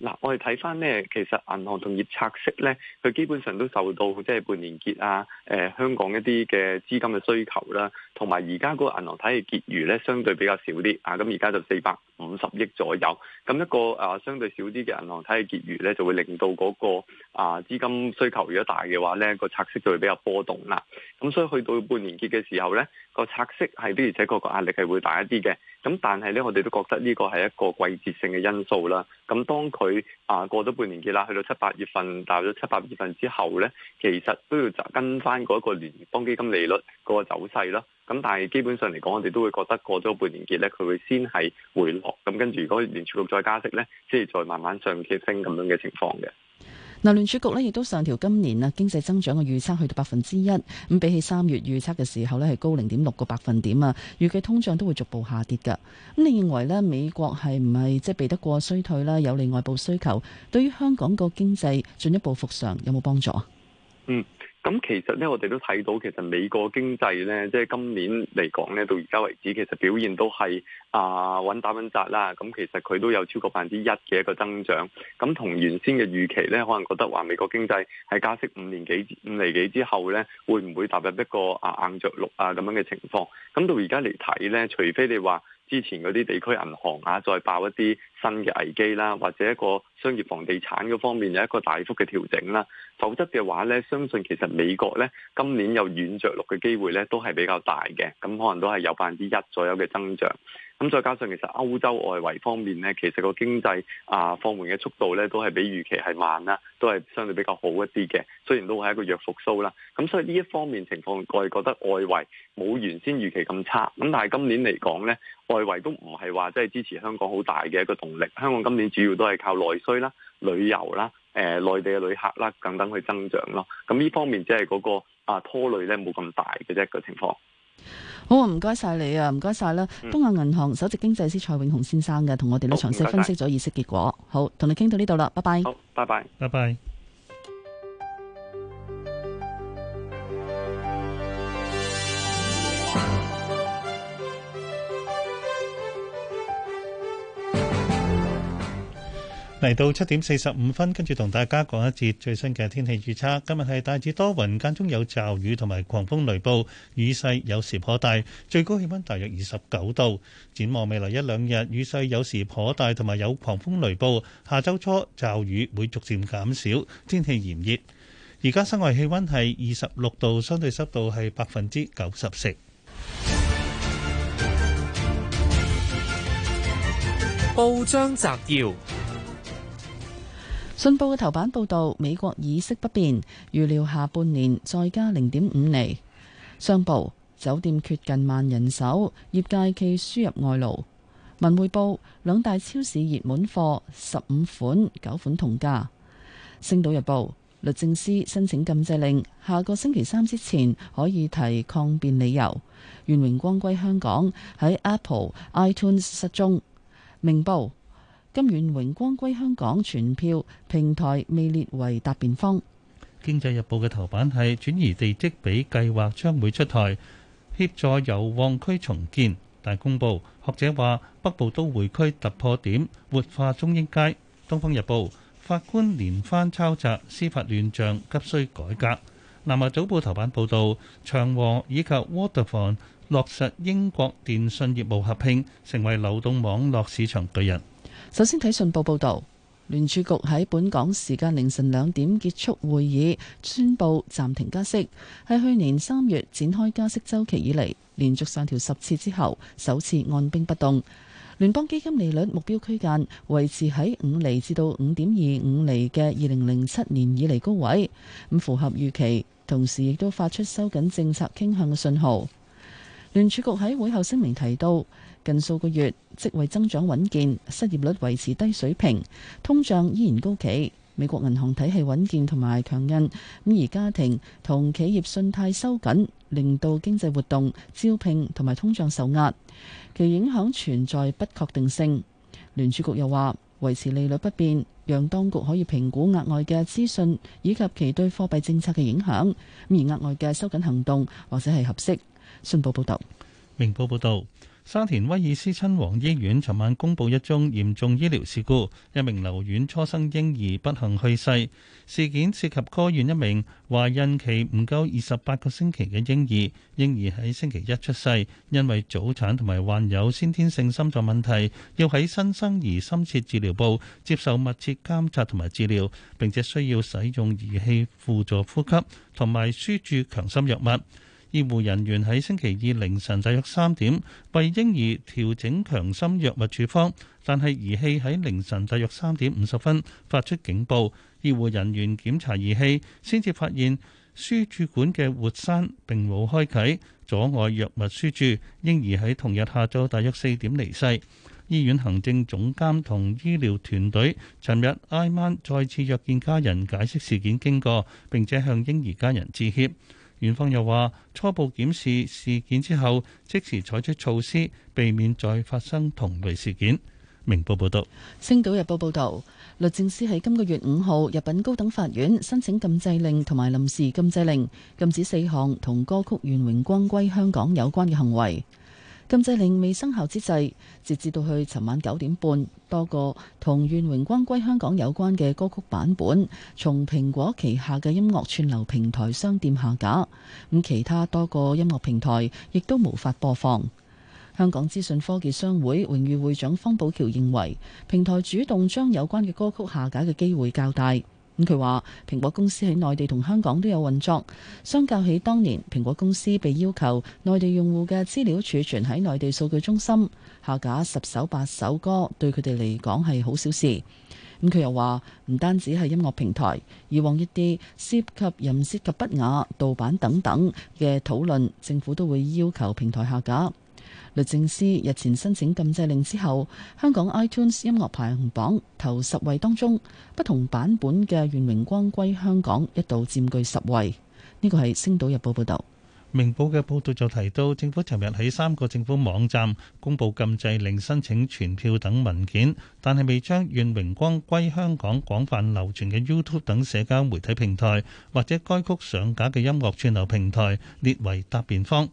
嗱，我哋睇翻咧，其實銀行同業拆息咧，佢基本上都受到即係半年結啊，誒、呃、香港一啲嘅資金嘅需求啦，同埋而家個銀行體系結餘咧，相對比較少啲啊，咁而家就四百五十億左右，咁一個啊相對少啲嘅銀行體系結餘咧，就會令到嗰、嗰個啊資金需求如果大嘅話咧，個拆息就會比較波動啦。咁、啊、所以去到半年結嘅時候咧，個拆息係的而且確個壓力係會大一啲嘅。咁但係咧，我哋都覺得呢個係一個季節性嘅因素啦。咁、嗯、當佢啊、呃、過咗半年結啦，去到七八月份，到咗七八月份之後咧，其實都要跟翻嗰個聯邦基金利率個走勢咯。咁、嗯、但係基本上嚟講，我哋都會覺得過咗半年結咧，佢會先係回落。咁、嗯、跟住如果聯儲局再加息咧，即係再慢慢上升咁樣嘅情況嘅。嗱，聯儲局呢亦都上調今年啊經濟增長嘅預測去到百分之一，咁比起三月預測嘅時候呢係高零點六個百分點啊，預計通脹都會逐步下跌㗎。咁你認為呢美國係唔係即係避得過衰退啦？有利外部需求，對於香港個經濟進一步復常有冇幫助啊？嗯。咁其實咧，我哋都睇到其實美國經濟咧，即係今年嚟講咧，到而家為止，其實表現都係啊穩打穩紮啦。咁其實佢都有超過百分之一嘅一個增長。咁同原先嘅預期咧，可能覺得話美國經濟係加息五年幾五厘幾之後咧，會唔會踏入一個啊硬着陸啊咁樣嘅情況？咁到而家嚟睇咧，除非你話，之前嗰啲地區銀行啊，再爆一啲新嘅危機啦，或者一個商業房地產嗰方面有一個大幅嘅調整啦，否則嘅話呢，相信其實美國呢，今年有軟著陸嘅機會呢都係比較大嘅，咁可能都係有百分之一左右嘅增長。咁、嗯、再加上其實歐洲外圍方面咧，其實個經濟啊，放緩嘅速度咧，都係比預期係慢啦，都係相對比較好一啲嘅。雖然都係一個弱復甦啦。咁、啊嗯、所以呢一方面情況，我係覺得外圍冇原先預期咁差。咁但係今年嚟講咧，外圍都唔係話即係支持香港好大嘅一個動力。香港今年主要都係靠內需啦、旅遊啦、誒、呃、內地嘅旅客啦等等去增長咯。咁、啊、呢、嗯、方面即係嗰個啊拖累咧冇咁大嘅啫、嗰個情況。好啊，唔該晒你啊，唔該晒啦。嗯、東亞銀行首席經濟師蔡永雄先生嘅，同我哋呢詳細分析咗意識結果。謝謝好，同你傾到呢度啦，拜拜。好，拜拜，拜拜。嚟到七點四十五分，跟住同大家講一節最新嘅天氣預測。今日係大致多雲，間中有驟雨同埋狂風雷暴，雨勢有時頗大，最高氣溫大約二十九度。展望未來一兩日，雨勢有時頗大，同埋有狂風雷暴。下周初驟雨會逐漸減少，天氣炎熱。而家室外氣溫係二十六度，相對濕度係百分之九十四。報章摘要。信報嘅頭版報道，美國息口不變，預料下半年再加零點五厘。商報酒店缺近萬人手，業界冀輸入外勞。文匯報，兩大超市熱門貨十五款九款同價。星島日報律政司申請禁制令，下個星期三之前可以提抗辯理由。袁榮光歸香港喺 Apple iTunes 失蹤。明報。今年榮光歸香港全票平台未列為答辯方。《經濟日報》嘅頭版係轉移地積比計劃將會出台，協助油旺區重建。《大公報》學者話北部都會區突破點活化中英街。《東方日報》法官連番抄襲司法亂象，急需改革。《南華早報》頭版報道，長和以及 Vodafone 落實英國電信業務合併，成為流動網絡市場巨人。首先睇信報報導，聯儲局喺本港時間凌晨兩點結束會議，宣布暫停加息。係去年三月展開加息週期以嚟，連續上調十次之後，首次按兵不動。聯邦基金利率目標區間維持喺五厘至到五點二五厘嘅二零零七年以嚟高位，咁符合預期，同時亦都發出收緊政策傾向嘅信號。聯儲局喺會後聲明提到。近數個月職位增長穩健，失業率維持低水平，通脹依然高企。美國銀行體系穩健同埋強韌，咁而家庭同企業信貸收緊，令到經濟活動、招聘同埋通脹受壓，其影響存在不確定性。聯儲局又話維持利率不變，讓當局可以評估額外嘅資訊以及其對貨幣政策嘅影響。咁而額外嘅收緊行動或者係合適。信報報道，明報報道。沙田威爾斯親王醫院尋晚公布一宗嚴重醫療事故，一名留院初生嬰兒不幸去世。事件涉及該院一名懷孕期唔夠二十八個星期嘅嬰兒，嬰兒喺星期一出世，因為早產同埋患有先天性心臟問題，要喺新生兒深切治療部接受密切監察同埋治療，並且需要使用儀器輔助呼吸同埋輸注強心藥物。醫護人員喺星期二凌晨大約三點為嬰兒調整強心藥物處方，但係儀器喺凌晨大約三點五十分發出警報。醫護人員檢查儀器，先至發現輸注管嘅活山並冇開啓，阻礙藥物輸注。嬰兒喺同日下晝大約四點離世。醫院行政總監同醫療團隊尋日挨晚再次約見家人解釋事件經過，並且向嬰兒家人致歉。院方又話，初步檢視事件之後，即時採取措施，避免再發生同類事件。明報報導，《星島日報》報道，律政司喺今個月五號入禀高等法院，申請禁制令同埋臨時禁制令，禁止四項同歌曲願榮光歸香港有關嘅行為。禁制令未生效之際，截至到去尋晚九點半，多個同願榮光歸香港有關嘅歌曲版本，從蘋果旗下嘅音樂串流平台商店下架，咁其他多個音樂平台亦都無法播放。香港資訊科技商會榮譽會長方寶橋認為，平台主動將有關嘅歌曲下架嘅機會較大。咁佢話：蘋果公司喺內地同香港都有運作，相較起當年，蘋果公司被要求內地用戶嘅資料儲存喺內地數據中心，下架十首八首歌對佢哋嚟講係好小事。咁佢又話：唔單止係音樂平台，以往一啲涉及、人、涉及不雅、盜版等等嘅討論，政府都會要求平台下架。律政司日前申請禁制令之後，香港 iTunes 音樂排行榜頭十位當中，不同版本嘅《願榮光歸香港》一度佔據十位。呢個係《星島日報》報道。明報嘅報道就提到，政府尋日喺三個政府網站公布禁制令申請傳票等文件，但係未將《願榮光歸香港》廣泛流傳嘅 YouTube 等社交媒體平台或者該曲上架嘅音樂串流平台列為答辯方。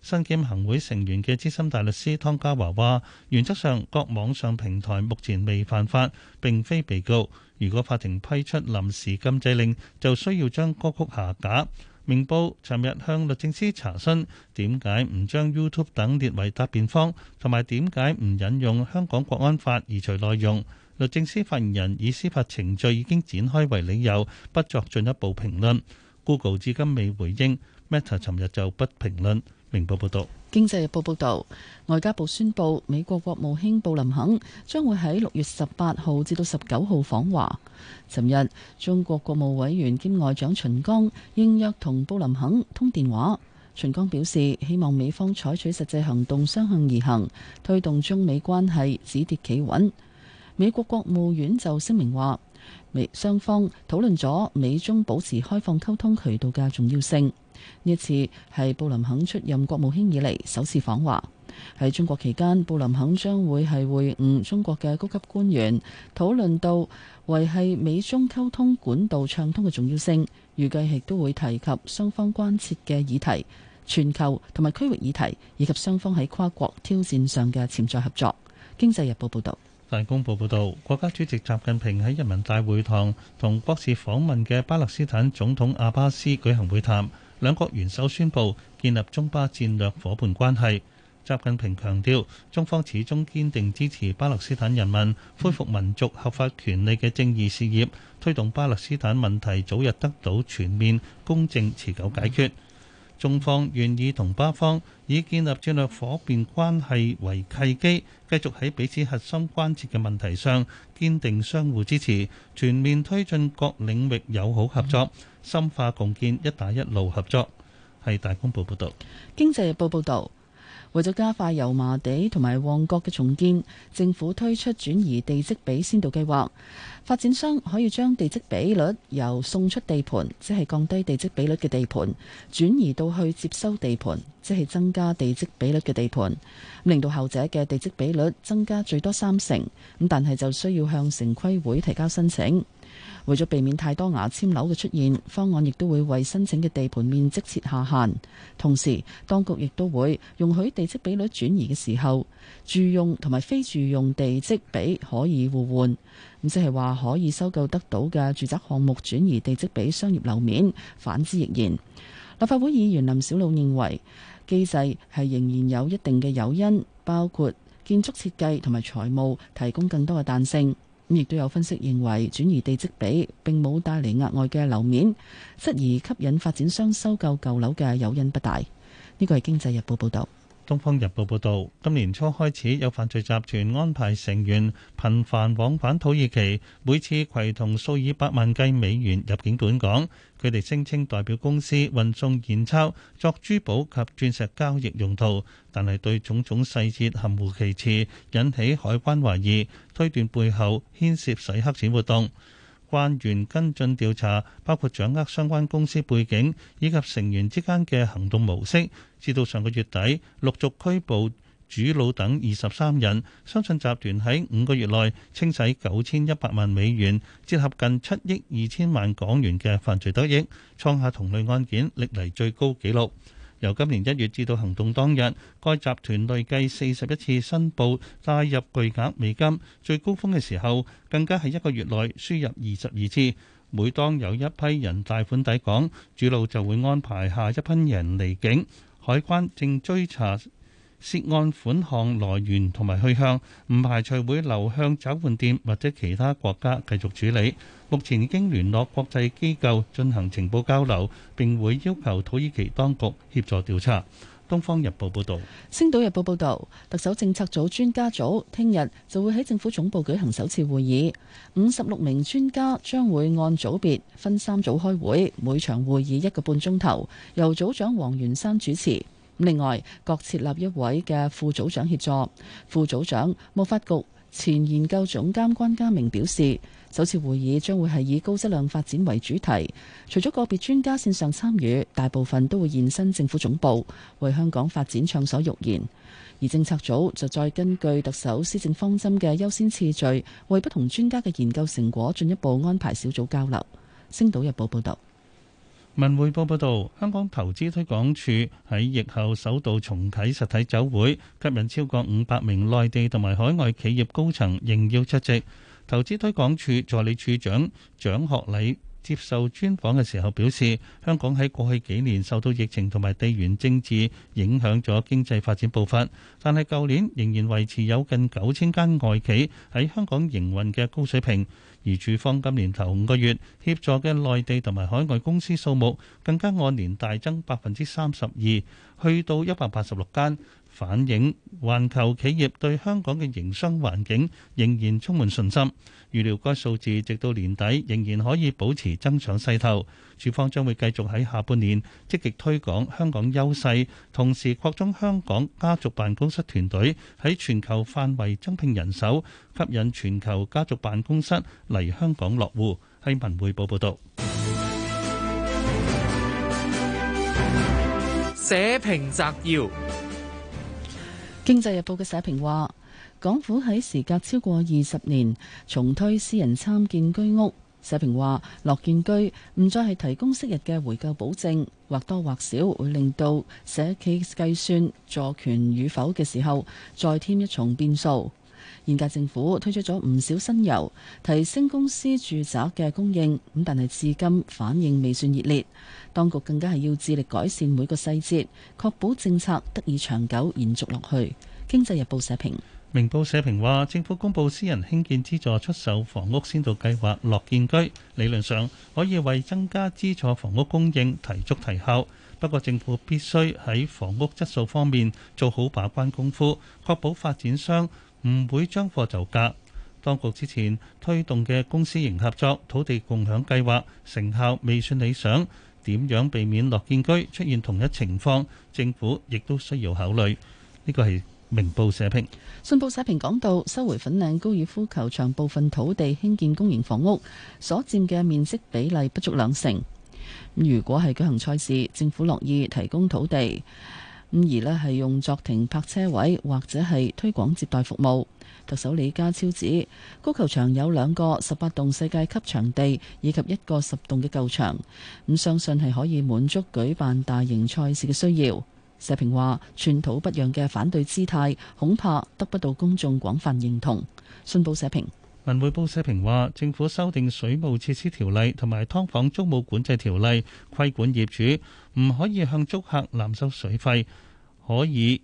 身兼行會成員嘅資深大律師湯家驊話，原則上各網上平台目前未犯法，並非被告。如果法庭批出臨時禁制令，就需要將歌曲下架。明報尋日向律政司查詢，點解唔將 YouTube 等列為答辯方，同埋點解唔引用香港國安法移除內容？律政司發言人以司法程序已經展開為理由，不作進一步評論。Google 至今未回應，Meta 尋日就不評論。明報報道，經濟日報報道，外交部宣佈，美國國務卿布林肯將會喺六月十八號至到十九號訪華。尋日，中國國務委員兼外長秦剛應約同布林肯通電話。秦剛表示，希望美方採取實際行動，相向而行，推動中美關係止跌企穩。美國國務院就聲明話，雙方討論咗美中保持開放溝通渠道嘅重要性。呢一次係布林肯出任國務卿以嚟，首次訪華喺中國期間，布林肯將會係會晤中國嘅高級官員，討論到維繫美中溝通管道暢通嘅重要性。預計亦都會提及雙方關切嘅議題、全球同埋區域議題，以及雙方喺跨國挑戰上嘅潛在合作。經濟日報報道，大公報報道，國家主席習近平喺人民大會堂同國事訪問嘅巴勒斯坦總統阿巴斯舉行會談。兩國元首宣布建立中巴戰略伙伴關係。習近平強調，中方始終堅定支持巴勒斯坦人民恢復民族合法權利嘅正義事業，推動巴勒斯坦問題早日得到全面、公正、持久解決。中方願意同巴方以建立戰略伙伴關係為契機，繼續喺彼此核心關切嘅問題上堅定相互支持，全面推進各領域友好合作。深化共建“一帶一路”合作，係大公報報道。經濟日報報道，為咗加快油麻地同埋旺角嘅重建，政府推出轉移地積比先導計劃。發展商可以將地積比率由送出地盤，即係降低地積比率嘅地盤，轉移到去接收地盤，即係增加地積比率嘅地盤，令到後者嘅地積比率增加最多三成。咁但係就需要向城規會提交申請。為咗避免太多牙籤樓嘅出現，方案亦都會為申請嘅地盤面積設下限。同時，當局亦都會容許地積比率轉移嘅時候，住用同埋非住用地積比可以互換。咁即係話可以收購得到嘅住宅項目轉移地積比商業樓面，反之亦然。立法會議員林筱魯認為機制係仍然有一定嘅誘因，包括建築設計同埋財務提供更多嘅彈性。咁亦都有分析認為，轉移地積比並冇帶嚟額外嘅樓面，質疑吸引發展商收購舊樓嘅誘因不大。呢個係《經濟日報》報道。《東方日報》報導，今年初開始有犯罪集團安排成員頻繁往返土耳其，每次攜同數以百萬計美元入境本港。佢哋聲稱代表公司運送現鈔、作珠寶及鑽石交易用途，但係對種種細節含糊其詞，引起海關懷疑，推斷背後牽涉洗黑錢活動。關員跟進調查，包括掌握相關公司背景以及成員之間嘅行動模式，至到上個月底陸續拘捕主腦等二十三人。相信集團喺五個月內清洗九千一百萬美元，折合近七億二千萬港元嘅犯罪得益，創下同類案件歷嚟最高紀錄。由今年一月至到行動當日，該集團累計四十一次申報帶入巨額美金，最高峰嘅時候更加喺一個月內輸入二十二次。每當有一批人帶款抵港，主腦就會安排下一批人離境。海關正追查涉案款項來源同埋去向,唔排除會流向找換店或者其他國家繼續處理。目前已經聯絡國際機構進行情報交流,並會要求土耳其當局協助調查。東方日報報道星島日報報道,特首政策組專家組聽日就會喺政府總部舉行首次會議,五十六名專家將會按組別分三組開會,每場會議一個半鐘頭,由組長黃元山主持。另外，各設立一位嘅副組長協助。副組長貿發局前研究總監關家明表示，首次會議將會係以高質量發展為主題，除咗個別專家線上參與，大部分都會現身政府總部，為香港發展暢所欲言。而政策組就再根據特首施政方針嘅優先次序，為不同專家嘅研究成果進一步安排小組交流。星島日報報道。文匯報報道，香港投資推廣署喺疫後首度重啟實體酒會，吸引超過五百名內地同埋海外企業高層，應邀出席。投資推廣署助理處長蔣學禮接受專訪嘅時候表示，香港喺過去幾年受到疫情同埋地緣政治影響咗經濟發展步伐，但係舊年仍然維持有近九千間外企喺香港營運嘅高水平。而處方今年頭五個月協助嘅內地同埋海外公司數目更加按年大增百分之三十二，去到一百八十六間，反映環球企業對香港嘅營商環境仍然充滿信心。預料該數字直到年底仍然可以保持增長勢頭。署方將會繼續喺下半年積極推廣香港優勢，同時擴充香港家族辦公室團隊喺全球範圍增聘人手，吸引全球家族辦公室嚟香港落戶。喺文匯報報道。社評摘要：經濟日報嘅社評話。港府喺時隔超過二十年重推私人參建居屋，社評話樂建居唔再係提供昔日嘅回購保證，或多或少會令到社企計算助權與否嘅時候再添一重變數。現屆政府推出咗唔少新猷，提升公私住宅嘅供應，咁但係至今反應未算熱烈。當局更加係要致力改善每個細節，確保政策得以長久延續落去。經濟日報社評。明報社評話，政府公布私人興建資助出售房屋先導計劃樂建居，理論上可以為增加資助房屋供應提速提效。不過政府必須喺房屋質素方面做好把關功夫，確保發展商唔會將貨就價。當局之前推動嘅公私營合作土地共享計劃成效未算理想，點樣避免樂建居出現同一情況，政府亦都需要考慮。呢個係。明報社評，信報社評講到收回粉嶺高爾夫球場部分土地興建公營房屋，所佔嘅面積比例不足兩成。如果係舉行賽事，政府樂意提供土地，咁而咧係用作停泊車位或者係推廣接待服務。特首李家超指，高球場有兩個十八洞世界級場地以及一個十洞嘅舊場，咁相信係可以滿足舉辦大型賽事嘅需要。社評話，寸土不讓嘅反對姿態恐怕得不到公眾廣泛認同。信報社評，文匯報社評話，政府修訂水務設施條例同埋劏房租務管制條例，規管業主唔可以向租客濫收水費，可以，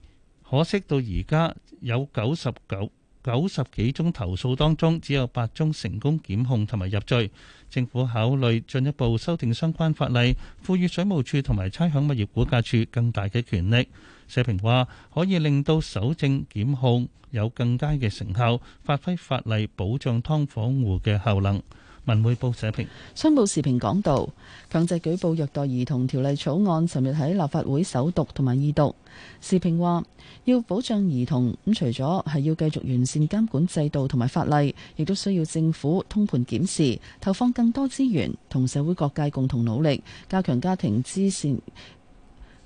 可惜到而家有九十九九十幾宗投訴當中，只有八宗成功檢控同埋入罪。政府考慮進一步修訂相關法例，賦予水務署同埋差餉物業估價署更大嘅權力。社評話，可以令到搜證檢控有更佳嘅成效，發揮法例保障劏房戶嘅效能。文匯報社評、商報時評講到強制舉報虐待兒童條例草案，尋日喺立法會首讀同埋二讀。時評話，要保障兒童，咁除咗係要繼續完善監管制度同埋法例，亦都需要政府通盤檢視，投放更多資源，同社會各界共同努力，加強家庭友善，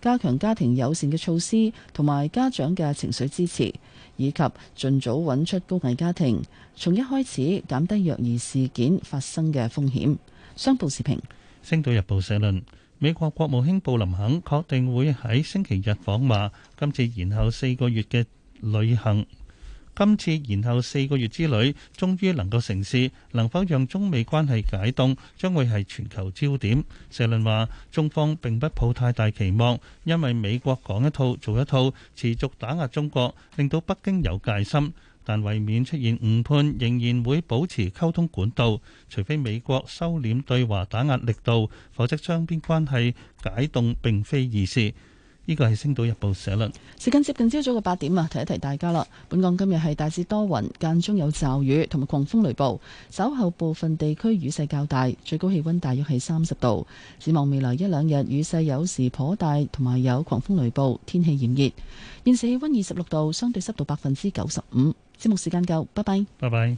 加強家庭友善嘅措施，同埋家長嘅情緒支持。以及盡早揾出高危家庭，從一開始減低虐兒事件發生嘅風險。商報時評、星島日報社論，美國國務卿布林肯確定會喺星期日訪華，今次延後四個月嘅旅行。今次延後四個月之旅，終於能夠成事。能否讓中美關係解凍，將會係全球焦點。社論話，中方並不抱太大期望，因為美國講一套做一套，持續打壓中國，令到北京有戒心。但為免出現誤判，仍然會保持溝通管道。除非美國收斂對華打壓力度，否則雙邊關係解凍並非易事。呢個係《星島日報》社論。時間接近朝早嘅八點啊，提一提大家啦。本港今日係大致多雲，間中有驟雨同埋狂風雷暴，稍後部分地區雨勢較大，最高氣温大約係三十度。展望未來一兩日，雨勢有時頗大，同埋有狂風雷暴，天氣炎熱。現時氣温二十六度，相對濕度百分之九十五。節目時間夠，拜拜。拜拜。